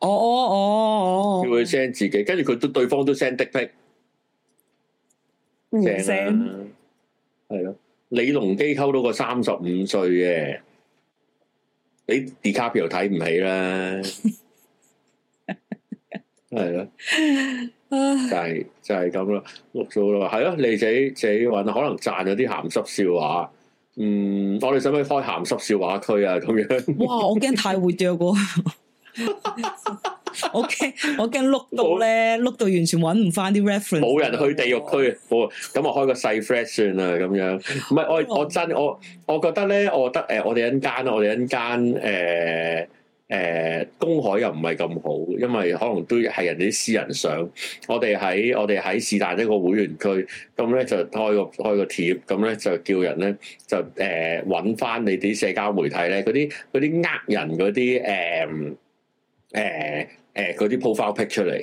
哦哦哦哦！叫佢 send 自己，跟住佢都對方都 send 的 pic，唔 send 係咯？李龍基溝到個三十五歲嘅，你 Dicap 又睇唔起啦，係咯？就係就係咁咯，碌咗咯，係咯？你仔仔話可能賺咗啲鹹濕笑話，嗯，我哋使唔使開鹹濕笑話區啊？咁樣哇， 我驚太活躍喎。我驚我驚碌到咧，碌到完全揾唔翻啲 reference。冇人去地獄區，冇咁我開個細 flat 算啦，咁樣。唔係、oh, 我我真我我覺得咧，我覺得誒，我哋、呃、一間我哋間誒誒公海又唔係咁好，因為可能都係人哋啲私人相。我哋喺我哋喺是但一個會員區，咁咧就開個開個貼，咁咧就叫人咧就誒揾翻你啲社交媒體咧，嗰啲啲呃人嗰啲誒。誒誒，嗰啲 profile 拍出嚟，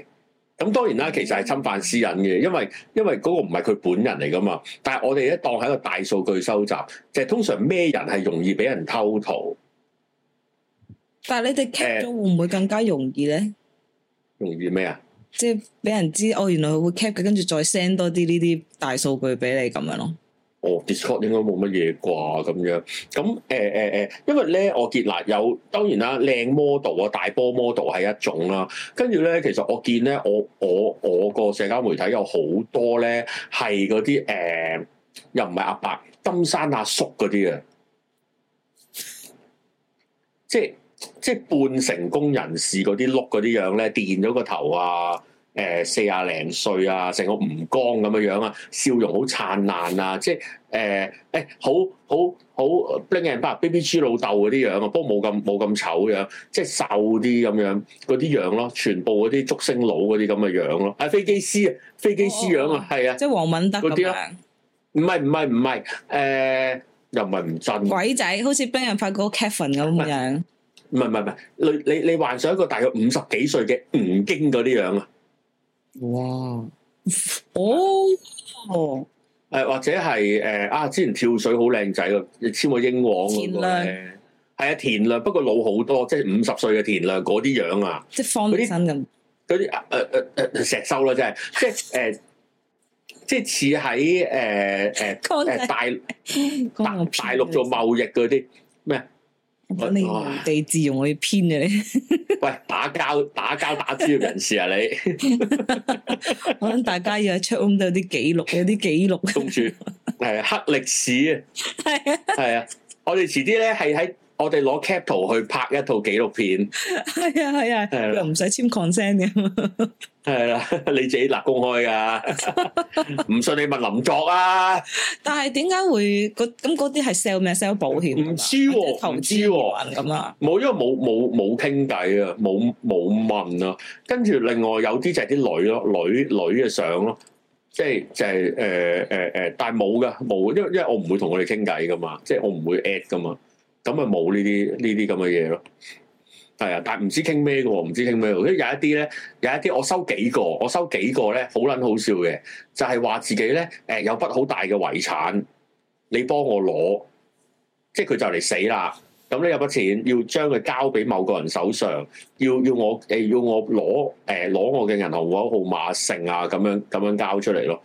咁、嗯、當然啦，其實係侵犯私隱嘅，因為因為嗰個唔係佢本人嚟噶嘛。但係我哋咧當係一個大數據收集，就係、是、通常咩人係容易俾人偷圖？但係你哋 cap 咗會唔會更加容易咧？容易咩啊？即係俾人知哦，原來佢會 cap 嘅，跟住再 send 多啲呢啲大數據俾你咁樣咯。哦、oh, Discord 應該冇乜嘢啩，咁樣，咁誒誒誒，因為咧我見嗱有當然啦靚 model 啊，大波 model 係一種啦、啊，跟住咧其實我見咧我我我個社交媒體有好多咧係嗰啲誒又唔係阿伯金山阿叔嗰啲啊，即係即係半成功人士嗰啲碌嗰啲樣咧，電咗個頭啊！誒四廿零歲啊，成個吳江咁樣樣啊，笑容好燦爛啊，即係誒誒好好好 bling bling BBG 老豆嗰啲樣啊，不過冇咁冇咁醜樣，即係瘦啲咁樣嗰啲樣咯，全部嗰啲竹升佬嗰啲咁嘅樣咯，係飛機師啊，飛機師樣、oh, 啊，係啊，即係黃敏德嗰啲啊。唔係唔係唔係誒，又唔係唔真鬼仔，好似 bling bling 嗰個 Kevin 咁嘅樣，唔係唔係唔係，你你你，你幻想一個大約五十幾歲嘅吳京嗰啲樣啊！哇！哦！誒，或者係誒啊，之前跳水好靚仔咯，你簽個英皇。田亮係啊，田亮，不過老好多，即係五十歲嘅田亮嗰啲樣啊，即係放嗰啲身咁，嗰啲誒誒誒，石修啦，真係即係誒，即係似喺誒誒誒大大陸做貿易嗰啲咩？你用用我去編你因地制宜，我要編嘅你。喂，打交打交打資料人士啊！你， 我諗大家要喺出屋都有啲記錄，有啲記錄。記 住，係黑歷史啊！係 啊，係 啊，我哋遲啲咧係喺。我哋攞 cap 圖去拍一套紀錄片，係啊係啊，又唔使簽 consent 嘅，係啦，你自己立公開噶，唔 信你問林作啊。但係點解會個咁嗰啲係 sell 咩 sell 保險？唔知喎、啊，投資喎咁啊。冇，因為冇冇冇傾偈啊，冇冇問啊。跟住另外有啲就係啲女咯，女女嘅相咯，即係就係誒誒誒，但係冇嘅，冇，因為因為我唔會同佢哋傾偈噶嘛，即係我唔會 at 噶嘛。咁咪冇呢啲呢啲咁嘅嘢咯，係啊，但係唔知傾咩嘅喎，唔知傾咩喎。所以有一啲咧，有一啲我收幾個，我收幾個咧，好撚好笑嘅，就係話自己咧，誒有筆好大嘅遺產，你幫我攞，即係佢就嚟死啦。咁你有筆錢要將佢交俾某個人手上，要要我誒要我攞誒攞我嘅銀行戶口號碼成啊咁樣咁樣交出嚟咯。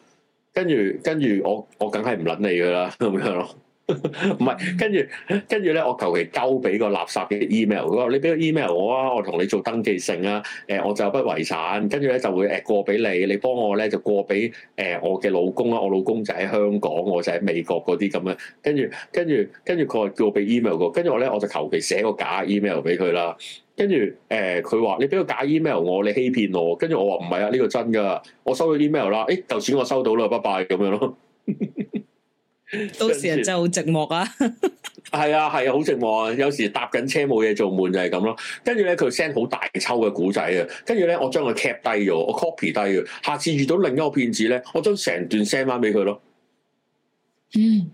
跟住跟住我我梗係唔撚你噶啦，咁樣咯。唔係，跟住跟住咧，我求其交俾個垃圾嘅 email。佢話：你俾個 email 我啊，我同你做登記性啊。誒，我就有筆遺產，跟住咧就會誒過俾你。你幫我咧就過俾誒我嘅老公啦，啊。我老公就喺香港，我就喺美國嗰啲咁樣。跟住跟住跟住佢話叫我俾 email 佢。跟住我咧我就求其寫個假 email 俾佢啦。跟住誒，佢、欸、話你俾個假 email 我，你欺騙我。跟住我話唔係啊，呢、呢個真㗎。我收咗 email 啦。誒，就錢我收到啦，拜拜咁樣咯。 到時啊，真係好寂寞啊！係 啊，係啊，好寂寞啊！有時搭緊車冇嘢做，悶就係咁咯。跟住咧，佢 send 好大抽嘅古仔啊！跟住咧，我將佢 cap 低咗，我 copy 低啊！下次遇到另一個騙子咧，我都成段 send 翻俾佢咯。嗯，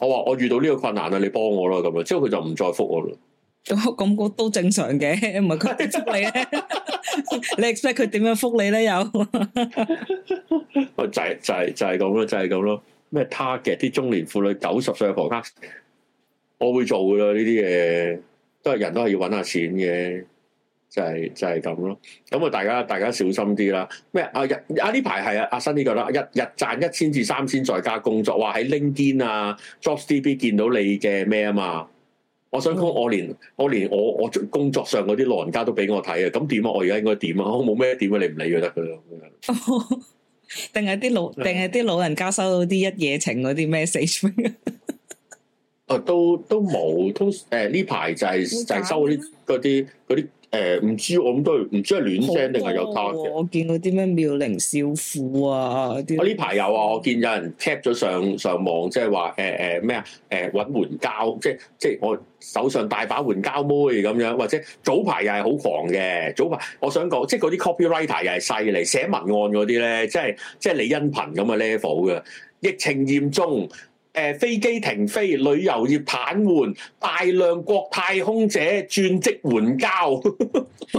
我話我遇到呢個困難啦，你幫我啦咁樣，之後佢就唔再覆我咯。咁咁 都正常嘅，唔係佢點嚟嘅？ 你 expect 佢點樣覆你咧？又 我 就係就係就係咁咯，就係咁咯。就是咩 target 啲中年婦女、九十歲嘅婆婆，我會做噶啦呢啲嘢，都係人都係要揾下錢嘅，就係、是、就係咁咯。咁啊，大家大家小心啲啦。咩啊日啊呢排係啊阿新呢個啦，日、啊啊呢個、日賺一千至三千在家工作，哇喺 LinkedIn、啊、JobsDB 見到你嘅咩啊嘛。我想講我，我連我連我我工作上嗰啲老人家都俾我睇啊，咁點啊？我而家應該點啊？我冇咩點啊？你唔理佢得噶啦。 定係啲老，定係啲老人家收到啲一,一夜情嗰啲咩 message？哦，都都冇，通誒呢排就係、是、就係收啲啲嗰啲。誒，唔、欸、知，我咁都唔知係亂 send 定係有 target 嘅。我見到啲咩妙齡少婦啊，啲我呢排有啊，我見有人 cap 咗上上網，即係話誒誒咩啊，誒搵援交，即係即係我手上大把援交妹咁樣。或者早排又係好狂嘅，早排我想講，即係嗰啲 copywriter 又係犀利，寫文案嗰啲咧，即係即係李欣頻咁嘅 level 嘅，疫情嚴重，誒，飛機停飛，旅遊業癱瘓，大量國泰空姐轉職援交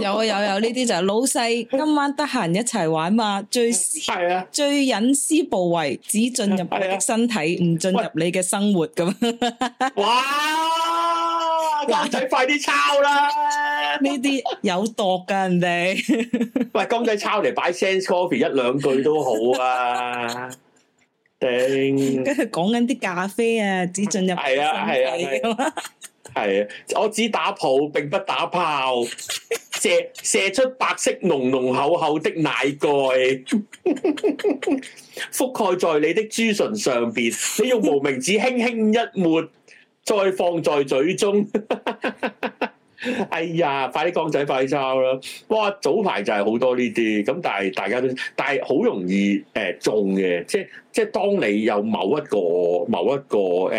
有、啊，有啊有有，呢啲就係、老細今晚得閒一齊玩嘛，最私、啊、最隱私部位只進入你的身體，唔進、啊、入你嘅生活咁。 哇，男仔快啲抄啦！呢 啲有毒噶人哋， 喂，公仔抄嚟擺 sense coffee 一兩句都好啊。而家佢講緊啲咖啡啊，只進入身體嘅、啊。係啊，啊，啊, 啊，我只打泡，並不打炮，射射出白色濃濃厚厚的奶蓋， 覆蓋在你的朱唇上邊。你用無名指輕輕一抹， 再放在嘴中。 哎呀，快啲講仔快啲抄啦！哇，早排就係好多呢啲咁，但係大家都，但係好容易誒、呃、中嘅，即係即係當你有某一個某一個誒誒、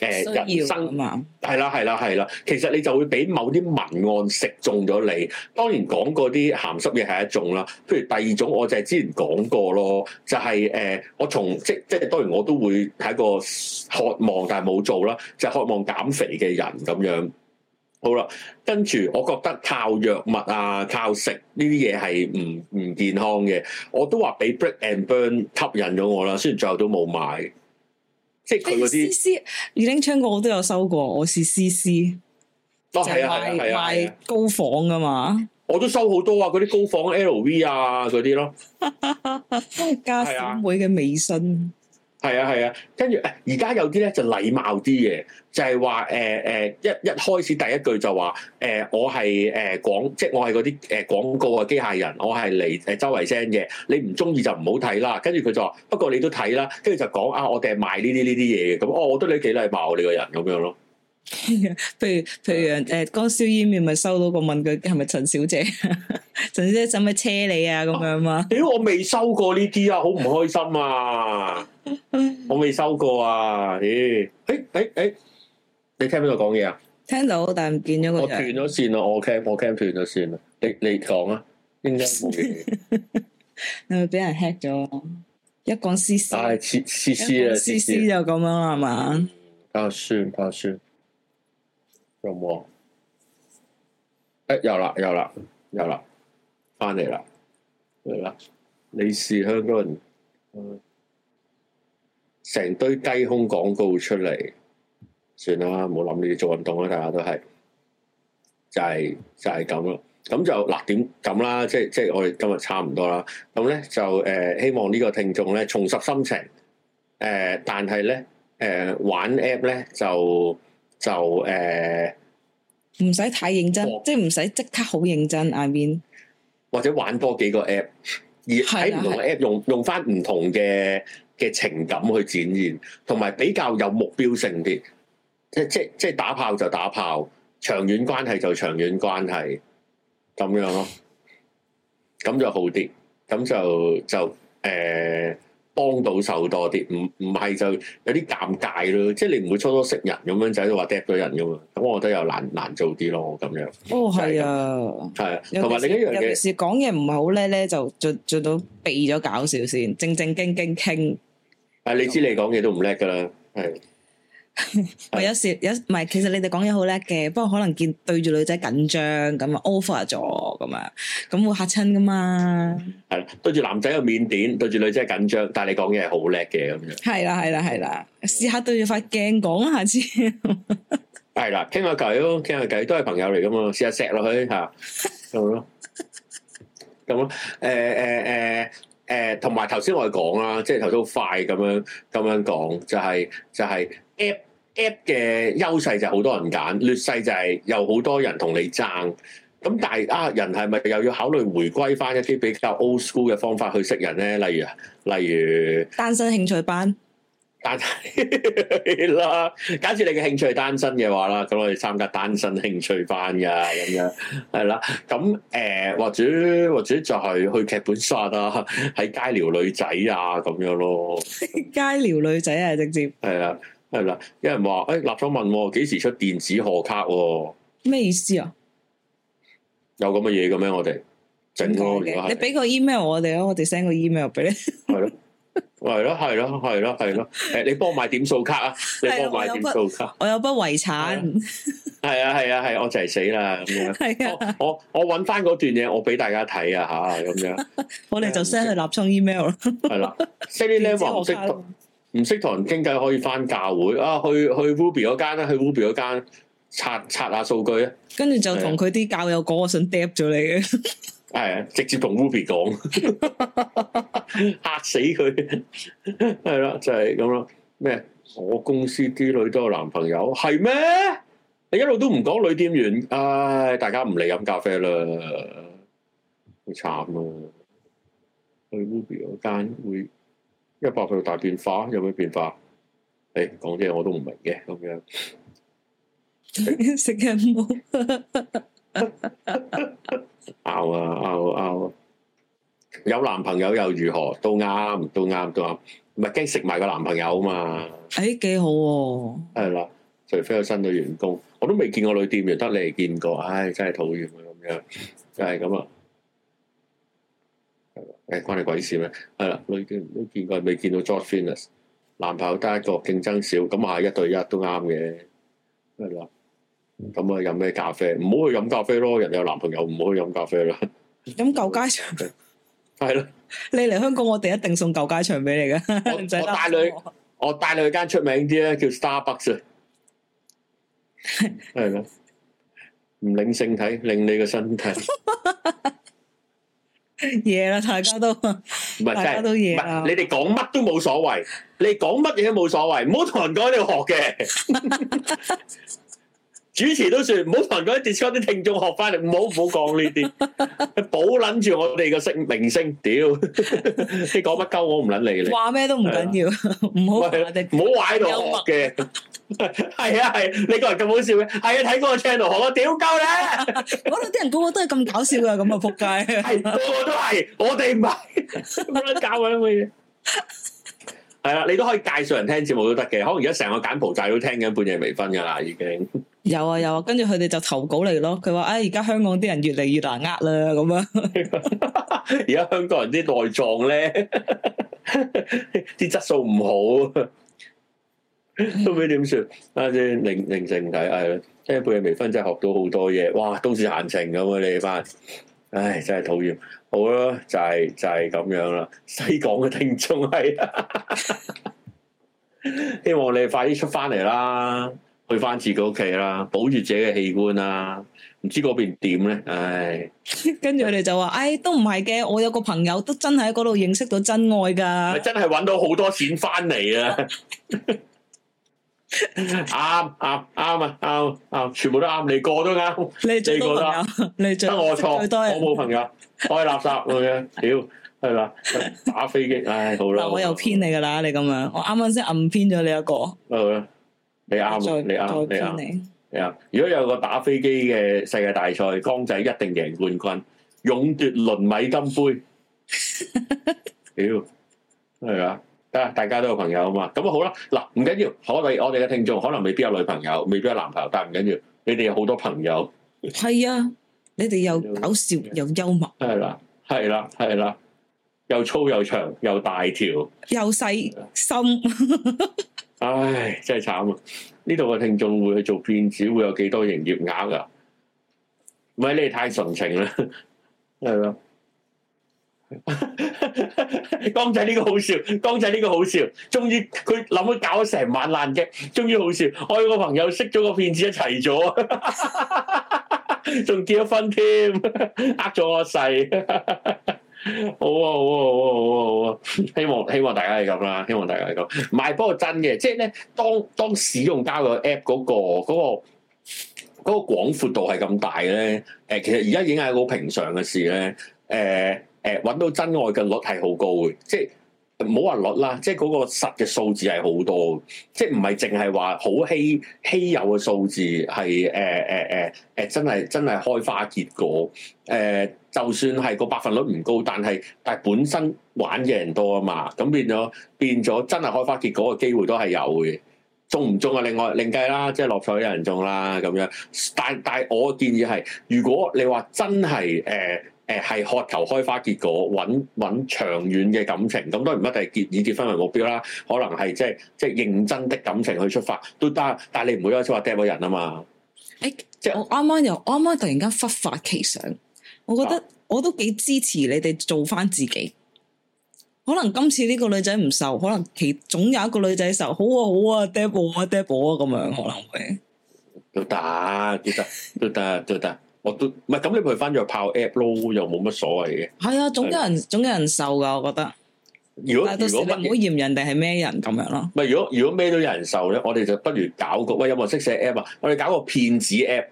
呃、人生係啦係啦係啦，其實你就會俾某啲文案食中咗你。當然講嗰啲鹹濕嘢係一種啦，譬如第二種我、就是呃，我就係之前講過咯，就係誒我從即即係當然我都會係一個渴望但係冇做啦，就係、渴望減肥嘅人咁樣。好啦，跟住我覺得靠藥物啊，靠食呢啲嘢係唔唔健康嘅。我都話俾 break and burn 吸引咗我啦，雖然最後都冇買。即係佢嗰啲。思思、欸，你拎春哥我都有收過，我係思思，都係啊，係啊，啊啊啊高仿㗎嘛。我都收好多啊，嗰啲高仿 LV 啊，嗰啲咯。 加小妹嘅微信。係啊係啊，跟住誒而家有啲咧就禮貌啲嘅，就係話誒誒一一開始第一句就話誒、呃、我係誒、呃、廣，即係我係啲誒廣告嘅機械人，我係嚟誒周圍 send 嘅，你唔中意就唔好睇啦。跟住佢就話不過你都睇啦，跟住就講啊，我哋係賣呢啲呢啲嘢嘅，咁哦，我覺得你幾禮貌你個人咁樣咯。譬如譬如誒，江燒煙面咪收到個問佢係咪陳小姐？陳小姐使唔使車你啊？咁樣嘛？咦，我未收過呢啲啊，好唔開心啊！我未收過啊！咦？誒誒誒，你聽邊度講嘢啊？聽到，但係唔見咗個。我斷咗線啦，我 cam 我 cam 斷咗線啦。你你講啊，應該冇嘅。會唔會俾人 hack 咗？一講 C C，係 C C 啊！C C 就咁樣係嘛？咁算咁算。有冇？誒有啦，有啦，有啦，翻嚟啦，嚟啦！你是香港人，成、嗯、堆雞胸廣告出嚟，算啦，冇諗呢啲做運動啦。大家都係就係、是、就係咁咯。咁就嗱點咁啦？即係即係我哋今日差唔多啦。咁咧就誒、呃、希望呢個聽眾咧重拾心情。誒、呃，但係咧誒玩 app 咧就。就誒，唔、欸、使太認真，我即係唔使即刻好認真。I mean，或者玩多幾個 app，而喺唔同嘅 app 的用用返唔同嘅嘅情感去展現，同埋比較有目標性啲。即即即打炮就打炮，長遠關係就長遠關係，咁樣咯，咁就好啲。咁就就誒。欸幫到手多啲，唔唔係就有啲尷尬咯，即係你唔會初初識人咁樣就喺度話嗒到人噶嘛，咁我覺得又難難做啲咯，咁樣。哦，係啊，係啊，同埋另一樣嘅，尤其是講嘢唔好叻咧，就做做到避咗搞笑先，正正經經傾。啊，你知你講嘢都唔叻噶啦，係。我 有時有唔係，其實你哋講嘢好叻嘅，不過可能見對住女仔緊張咁啊，over 咗咁樣，咁會吓親噶嘛。係啦，對住男仔又靦腆，對住女仔緊張，但係你講嘢係好叻嘅咁樣。係啦，係啦，係啦真的，試 下對住塊鏡講，下次。係啦，傾下偈咯，傾下偈都係朋友嚟噶嘛，試下錫落去吓，就咯、是。咁咯，誒誒誒誒，同埋頭先我哋講啦，即係頭先好快咁樣咁樣講，就係、是、就係、是。就是 app app 嘅優勢就好多人揀，劣勢就係有好多人同你爭。咁但係啊，人係咪又要考慮回歸返一啲比較 old school 嘅方法去識人咧？例如，例如單身興趣班，但單身啦。 假設你嘅興趣係單身嘅話啦，咁我哋參加單身興趣班噶咁樣，係啦。咁誒，或者或者就係去劇本殺啊，喺街撩女仔啊咁樣咯。 街撩女仔啊，直接係啊。 嗯嗯係啦，有人話誒，立創問幾時出電子賀卡？咩意思啊？有咁嘅嘢嘅咩？我哋整佢嚟，你俾個 email 我哋咯，我哋 send 個 email 俾你。係咯，係咯，係咯，係咯。誒，你幫我買點數卡啊？你幫我買點數卡。我有筆遺產。係啊係啊係，我就係死啦咁樣。我我我揾翻嗰段嘢，我俾大家睇啊吓咁樣。我哋就 send 去立創 email 啦。係啦，send 啲靚黃色。唔識同人傾偈，可以返教會啊！去去 Ruby 嗰間啦，去 Ruby 嗰間，刷刷下數據啊！啊跟住就同佢啲教友講，我想 d 咗你嘅。係 啊，直接同 Ruby 講，吓死佢！係啦，就係咁咯。咩？我公司啲女都有男朋友，係咩？你一路都唔講女店員，唉、哎，大家唔嚟飲咖啡啦，好慘咯！去 Ruby 嗰間會。一百歲大變化，有咩變化？誒講啲嘢我都唔明嘅咁樣。食嘅嘢冇。拗 啊拗拗、啊！有男朋友又如何？都啱都啱都啱。唔係驚食埋個男朋友啊嘛。誒幾、欸、好喎、啊！係啦，除非有新女員工，我都未見過女店員，得你係見過。唉，真係討厭啊！咁樣真係咁啊～、就係係關你鬼事咩？係啦，女見都見過，未見到 John Finnis。男朋友得一個，競爭少，咁啊，一對一都啱嘅。咁啊，飲咩咖啡？唔好去飲咖啡咯。人有男朋友，唔好去飲咖啡啦。飲舊街場。係啦 對，你嚟香港，我哋一定送舊街場俾你嘅 我帶你，我帶你去間出名啲咧，叫 Starbucks。係咯，唔領性體，領你個身體。 嘢啦，yeah, 大家都，是大家都嘢啦，就是了。你哋講乜都冇所謂，你講乜嘢都冇所謂，唔好同人講喺度學嘅。 主持都算說唔好同人嗰啲 Discord 啲聽眾學翻嚟，唔好唔好講呢啲，保捻住我哋嘅聲明星，屌 你講乜鳩我唔捻你你。你話咩都唔緊要，唔好唔好喺度學嘅。係啊係、啊啊，你個人咁好笑嘅，係啊睇嗰個 channel 學我 得屌鳩咧，嗰度啲人個個都係咁搞笑噶，咁啊仆街。係個個都係，我哋唔係搞緊乜嘢。係 啦、 啊，你都可以介紹人聽節目都得嘅，可能而家成個柬埔寨都聽緊半夜微醺噶啦，已經。有啊有啊，跟住佢哋就投稿嚟咯。佢話：，唉，而家香港啲人越嚟越難呃啦，咁樣。而家香港人啲內臟咧，啲質素唔好，都唔知點算。阿姐寧寧靜睇，係，聽日半夜微醺，真係學到好多嘢。哇，都市閒情咁啊，你哋班唉，真係討厭。好啦，就係、是、就係、是、咁樣啦。西港嘅聽眾，啊、 希望你快啲出翻嚟啦。去翻自己屋企啦，保住自己嘅器官啦，唔知嗰邊點咧？唉，跟住佢哋就話，唉、哎，都唔係嘅，我有個朋友，個朋友都真係喺嗰度認識到真愛噶、嗯，真係揾到好多錢翻嚟啊！啱啱啱啊，啱啱，全部都啱，你個都啱，你最唔啱，你最得我錯，我冇朋友，我垃圾嚟嘅，屌係啦，打飛機，唉，哎、好啦，我又編你噶啦，你咁樣，我啱啱先暗編咗你一個，好啦。你啱，再你啱對，你啱，啊對！如果有個打飛機嘅世界大賽，江仔一定贏冠軍，勇奪倫米金杯。屌、 哎，係啊，得，大家都有朋友啊嘛，咁啊好啦，嗱，唔緊要，我哋我哋嘅聽眾可能未必有女朋友，未必有男朋友，但係唔緊要，你哋有好多朋友。係啊，你哋又搞笑又幽默。係啦、啊，係啦、啊，係啦、啊。又粗又長又大條，又細心， 唉，真係慘啊！呢度嘅聽眾會去做騙子，會有幾多營業額噶、啊？唔係你哋太純情啦，係 咯是吧。剛仔呢個好笑，剛仔呢個好笑，終於佢諗咗搞成晚爛劇，終於好笑。我有個朋友識咗個騙子一齊咗，仲結咗婚添，呃咗我世。 好啊好啊好啊好啊好啊！希望希望大家係咁啦，希望大家係咁。唔係，不過真嘅，即係咧，當當使用交友 APP 嗰個 app 嗰個嗰個嗰個嗰個廣闊度係咁大咧，誒，其實而家已經係好平常嘅事咧。誒誒，揾到真愛嘅率係好高嘅，即係。唔好話率啦，即係嗰個實嘅數字係好多，即係唔係淨係話好稀稀有嘅數字係誒誒誒誒真係真係開花結果誒、呃，就算係個百分率唔高，但係但係本身玩嘅人多啊嘛，咁變咗變咗真係開花結果嘅機會都係有嘅，中唔中啊？另外另計啦，即係落彩有人中啦咁樣，但但係我建議係，如果你話真係誒。呃誒，係渴求開花結果，搵搵長遠嘅感情，咁都唔一定結以結婚為目標啦。可能係即係即係認真的感情去出發，都得，但係你唔會有一開始話 double 人啊嘛。誒、欸，即係我啱啱又啱啱突然間忽發奇想，我覺得我都幾支持你哋做翻自己。可能今次呢個女仔唔受，可能其總有一個女仔受，好啊好啊 double 啊 double 啊咁樣可能會。都得，都得，都得，都得。都 我都唔係咁，你去翻咗炮 app 咯，又冇乜所謂嘅。係啊，總有人總有人受噶，我覺得。如果如果唔好嫌人哋係咩人咁樣咯。唔係如果如果咩都有人受咧，我哋就不如搞個喂有冇識寫 app 啊？我哋搞個騙子 app，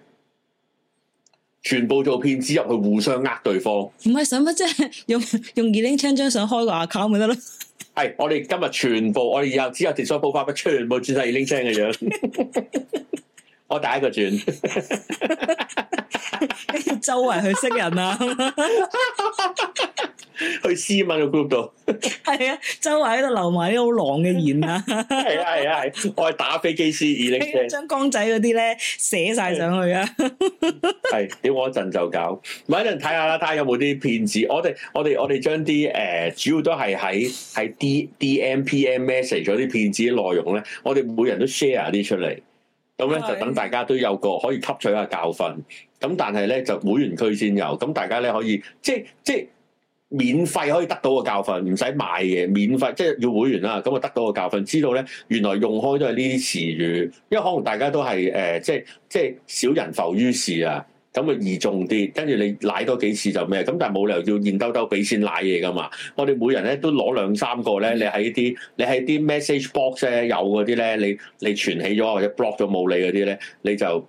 全部做騙子入去互相呃對方。唔係使乜，啫？用用，用二零千張相開個 account 咪得咯。係我哋今日全部， 我哋以後只有脫衫 po 翻俾全部轉晒二零千嘅樣。 我第一個轉。 跟住 周圍去識人啊 去！去私密嘅 group 度係 啊，周圍喺度留埋啲好狼嘅言啊， 啊！係啊係啊係！我係、啊、打飛機師二零四，將 光仔嗰啲咧寫晒上去啊 ！係屌我一陣就搞，咪一陣睇下啦，睇下有冇啲騙子。我哋我哋我哋將啲誒主要都係喺喺 D D、MP、M P M message 嗰啲騙子嘅內容咧，我哋每人都 share 啲出嚟，咁咧就等大家都有個可以吸取下教訓。 咁但係咧就會員區先有，咁大家咧可以即係即係免費可以得到個教訓，唔使買嘢，免費即係要會員啦。咁啊得到個教訓，知道咧原來用開都係呢啲詞語，因為可能大家都係誒、呃、即係即係小人浮於事啊，咁啊易重啲，跟住你瀨多幾次就咩？咁但係冇理由要現兜兜俾錢瀨嘢噶嘛？我哋每人咧都攞兩三個咧，你喺啲你喺啲 message box 咧有嗰啲咧，你你存起咗或者 block 咗冇你嗰啲咧，你就。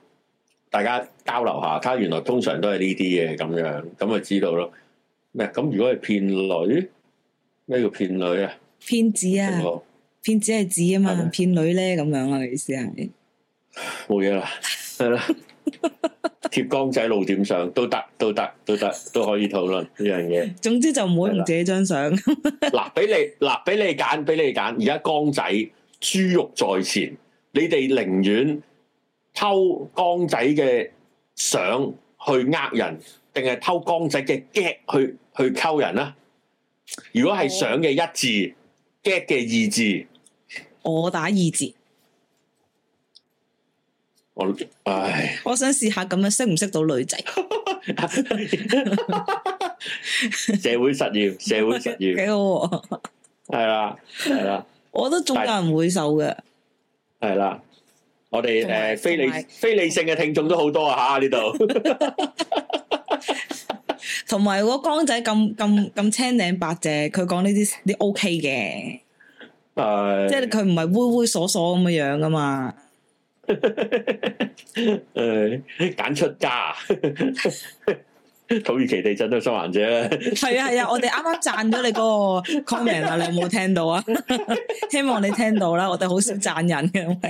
大家交流下，他原來通常都係呢啲嘢。咁樣，咁就知道咯。咩咁？如果係騙女，咩叫騙女啊？騙子啊！resemble 騙子係子啊嘛吧。騙女咧咁樣啊，意思係冇嘢啦，係啦。貼光仔路點上都得，都得，都得，都可以討論呢樣嘢。總之就唔好用自己張相。嗱，俾你嗱，俾你揀，俾你揀。而家光仔豬肉在前，你哋寧願。偷光仔嘅相去呃人，定係偷光仔嘅 gag 去去溝人啦？如果係相嘅一字，gag 嘅二字，我，我打二字。我唉，我想試下咁樣識唔識到女仔 社會實驗，社會實驗，幾好。係啦，係啦， 我都得，仲有人會受嘅。係啦。我哋誒，有非理有非理性嘅聽眾都好多啊！吓呢度，同埋我江仔咁咁咁青靚白淨，佢講呢啲啲 OK 嘅，即係佢唔係猥猥瑣瑣咁樣樣㗎嘛，誒、 嗯，揀出家。 土耳其地震都收患者咧？係啊係啊，我哋啱啱讚咗你嗰個 comment 啊， 你有冇聽到啊？ 希望你聽到啦，我哋好少讚人嘅，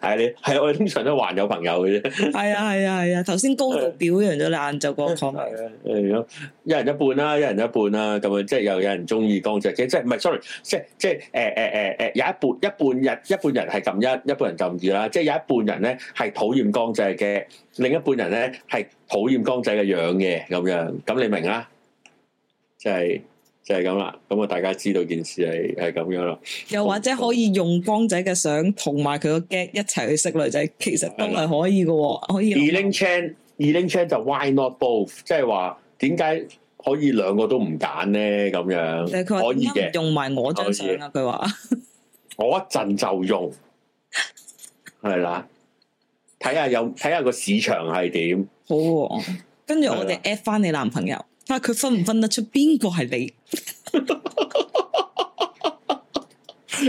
係你係啊，我哋通常都患有朋友嘅啫。係啊係啊係啊，頭先、啊啊、高度表揚咗你晏晝嗰個 comment，係咯，一人一半啦，啊，一人一半啦，咁樣，即係又有人中意江淨嘅，即係唔係？sorry，即係即係誒誒誒誒，有一半一半人一半人係撳一，一半人撳二啦，即係有一半人咧係討厭江淨嘅。另一半人咧係討厭光仔嘅樣嘅咁樣，咁你明啦？即係就係咁啦，咁、就、啊、是、大家知道件事係係咁樣咯。又或者可以用光仔嘅相同埋佢個 get 一齊去識女仔，其實都係可以嘅。嗯、可以用二。二零 chain 二零 chain 就 why not both？即係話點解可以兩個都唔揀咧？咁樣可以嘅，用埋我張相佢話、啊、說我一陣就用，係啦。 睇下有睇下個市場係點，好、哦。跟住我哋 at 翻你男朋友，睇下佢分唔分得出邊個係你？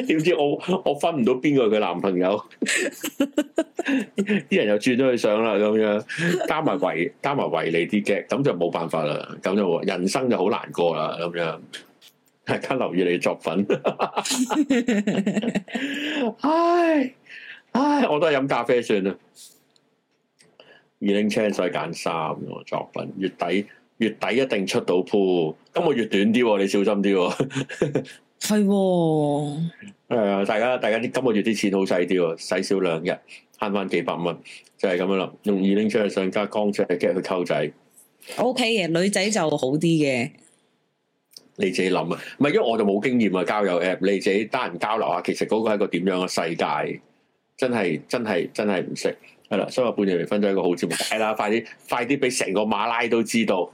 點 知我我分唔到邊個係佢男朋友？啲 人又轉咗去上啦，咁樣加埋維加埋維尼啲 get，咁就冇辦法啦。咁就人生就好難過啦，咁樣。大家留意你嘅作品。 唉。唉，我都係飲咖啡算啦。二零千想揀三個作品，月底月底一定出到鋪。今個月短啲、喎，你小心啲、喎。係、 喎，係啊！大家大家啲今個月啲錢好細啲，使少兩日慳翻幾百蚊，就係、是、咁樣啦。用二零千上加光千去 g 去溝仔，O K 嘅女仔就好啲嘅。你自己諗啊，唔係因為我就冇經驗啊交友 App，你自己單人交流下，其實嗰個係個點樣嘅世界。真係真係真係唔識，係啦，所以話半夜微醺真係一個好節目，係啦， 快啲快啲俾成個馬拉都知道，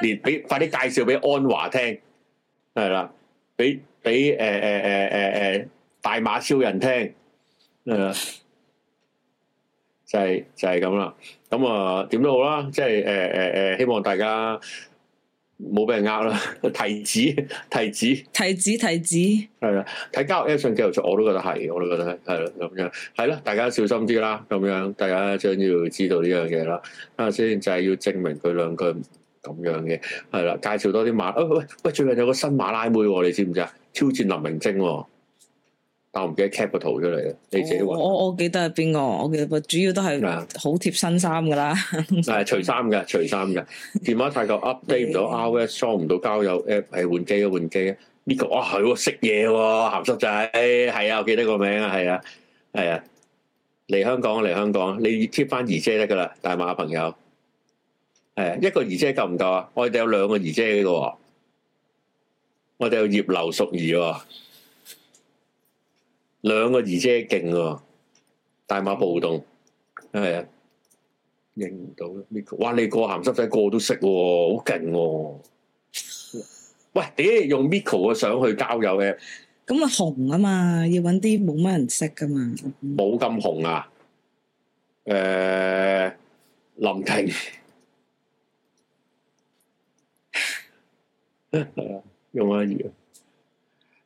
連俾快啲介紹俾安華聽，係啦，俾俾誒誒誒誒誒大馬超人聽，係就係、係、就係咁啦，咁啊點都好啦，即係誒誒誒，希望大家。冇俾人呃啦，提子提子提子提子，係啦，睇交易 Action 繼續做，我都覺得係，我都覺得係咁樣，係啦，大家小心啲啦，咁樣大家將要知道呢樣嘢啦，啱先就係要證明佢兩句咁樣嘅，係啦，介紹多啲馬拉，喂喂，最近有個新馬拉妹，你知唔知啊？挑戰林明晶。但我唔記得 cap 個圖出嚟啦，你自己揾。我我記得係邊個？我記得主要都係好貼新衫噶啦。係除衫嘅，除衫嘅。電話太舊，update 唔到，iOS 裝唔到交友 app，係換機咯，換機啊！呢個哇係喎，識嘢喎，鹹濕仔，係啊，我記得個名啊，係啊，係啊。嚟香港，嚟香港，你貼翻姨姐得噶啦，大馬朋友。誒，一個姨姐夠唔夠啊？我哋有兩個姨姐嘅喎、哦，我哋有葉劉淑儀喎、哦。兩個姨姐勁喎，大馬暴動，係啊，認唔到 Miko 哇，你個鹹濕仔個個都識喎、哦，好勁喎！喂，屌、呃，用 Miko 嘅相去交友嘅，咁啊紅啊嘛，要揾啲冇乜人識㗎嘛，冇咁紅啊？誒、呃，林婷係啊， 用阿兒，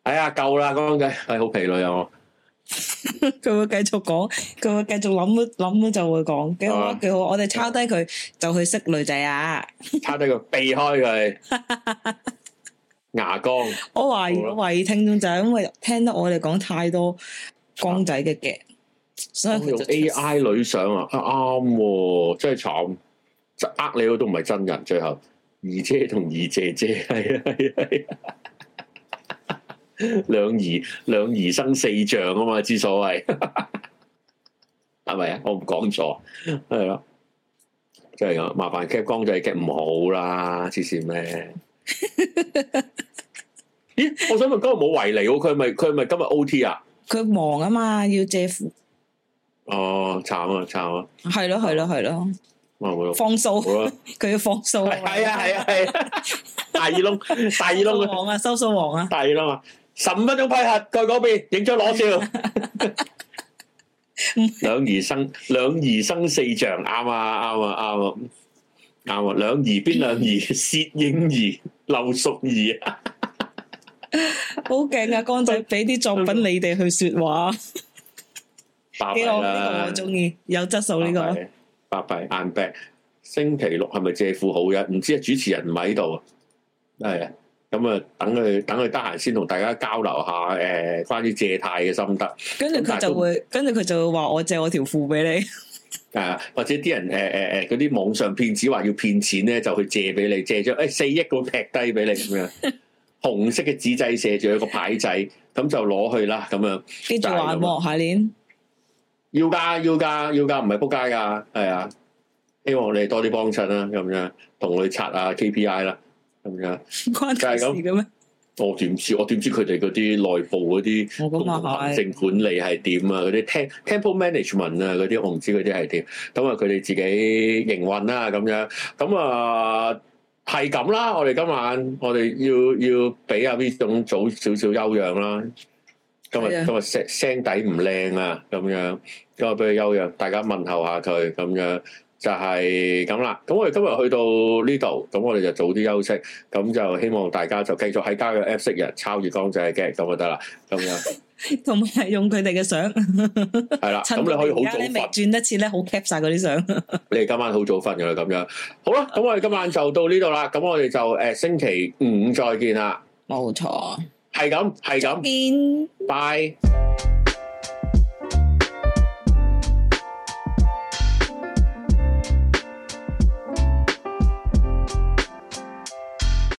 哎呀，夠啦，光仔，係、哎、好疲累啊！有佢會繼續講，佢會繼續諗諗就會講，幾好啊，幾好，我哋抄低佢 就去識女仔啊！ 抄低佢避開佢 牙光剛。我懷疑懷疑聽眾就係因為聽得我哋講太多光仔嘅嘅，啊、所以用 AI 女相啊，啱喎、啊啊哦，真係慘，就呃你嗰度唔係真人，最後二姐同二姐姐係係係。兩 儀兩儀生四象啊嘛，之所謂係咪啊？我唔講錯，係 咯，真係咁麻煩。cap 光仔 cap 唔好啦，黐線咩？ 咦？我想問圍、啊、是是是是今日冇維尼，佢咪佢咪今日 ot 啊？佢忙啊嘛，要借夫。哦，慘啊慘啊！係咯係咯係咯，放數佢要放數、啊，係啊係啊係，大耳窿 大耳窿，王啊收數王啊，大耳窿啊！ 十五分鐘批核，佢嗰邊影張裸照。兩儀 生，兩儀生四象，啱啊，啱啊，啱啊，啱啊。兩儀邊兩儀，攝影儀，劉淑儀啊。好勁啊，光仔，俾啲作品你哋去說話。呢個呢個我中意，有質素呢個。白幣硬病，星期六係咪借富豪嘅？唔知啊，知主持人唔喺度。啊？係啊。咁啊，等佢等佢得閒先同大家交流下誒、呃，關於借貸嘅心得。跟住佢就會，都跟住佢就會話我借我條褲俾你。誒， 或者啲人誒誒誒，嗰、呃、啲網上騙子話要騙錢咧，就去借俾你，借咗誒四億個劈低俾你咁樣， 紅色嘅紙製寫住一個牌仔，咁就攞去啦，咁樣。記住話下年。要噶，要噶，要噶，唔係仆街噶，係啊！希望你哋多啲幫襯啦，咁樣同佢刷下 KPI 啦。咁樣，就係咁嘅咩？我點知？我點知佢哋嗰啲內部嗰啲說行政管理係點啊？嗰啲 Temple Management 啊，嗰啲我唔知嗰啲係點。咁啊，佢哋自己營運啦，啊，咁樣。咁啊，係咁啦。我哋今晚我哋要要俾阿 V 總早少少休養啦。今日的今日聲聲底唔靚啊，咁樣。今日俾佢休養，大家問候下佢，咁樣。就係咁啦，咁我哋今日去到呢度，咁我哋就早啲休息，咁就希望大家就繼續喺家嘅 app 識人，抄住光仔嘅咁就得啦，咁樣。同埋 用佢哋嘅相係啦，咁你可以好早瞓，轉一次咧，好 cap 晒嗰啲相。你哋今晚好早瞓嘅咁樣， 好啦，咁我哋今晚就到呢度啦，咁我哋就誒、呃、星期五再見啦，冇錯錯，係咁係咁，見，拜。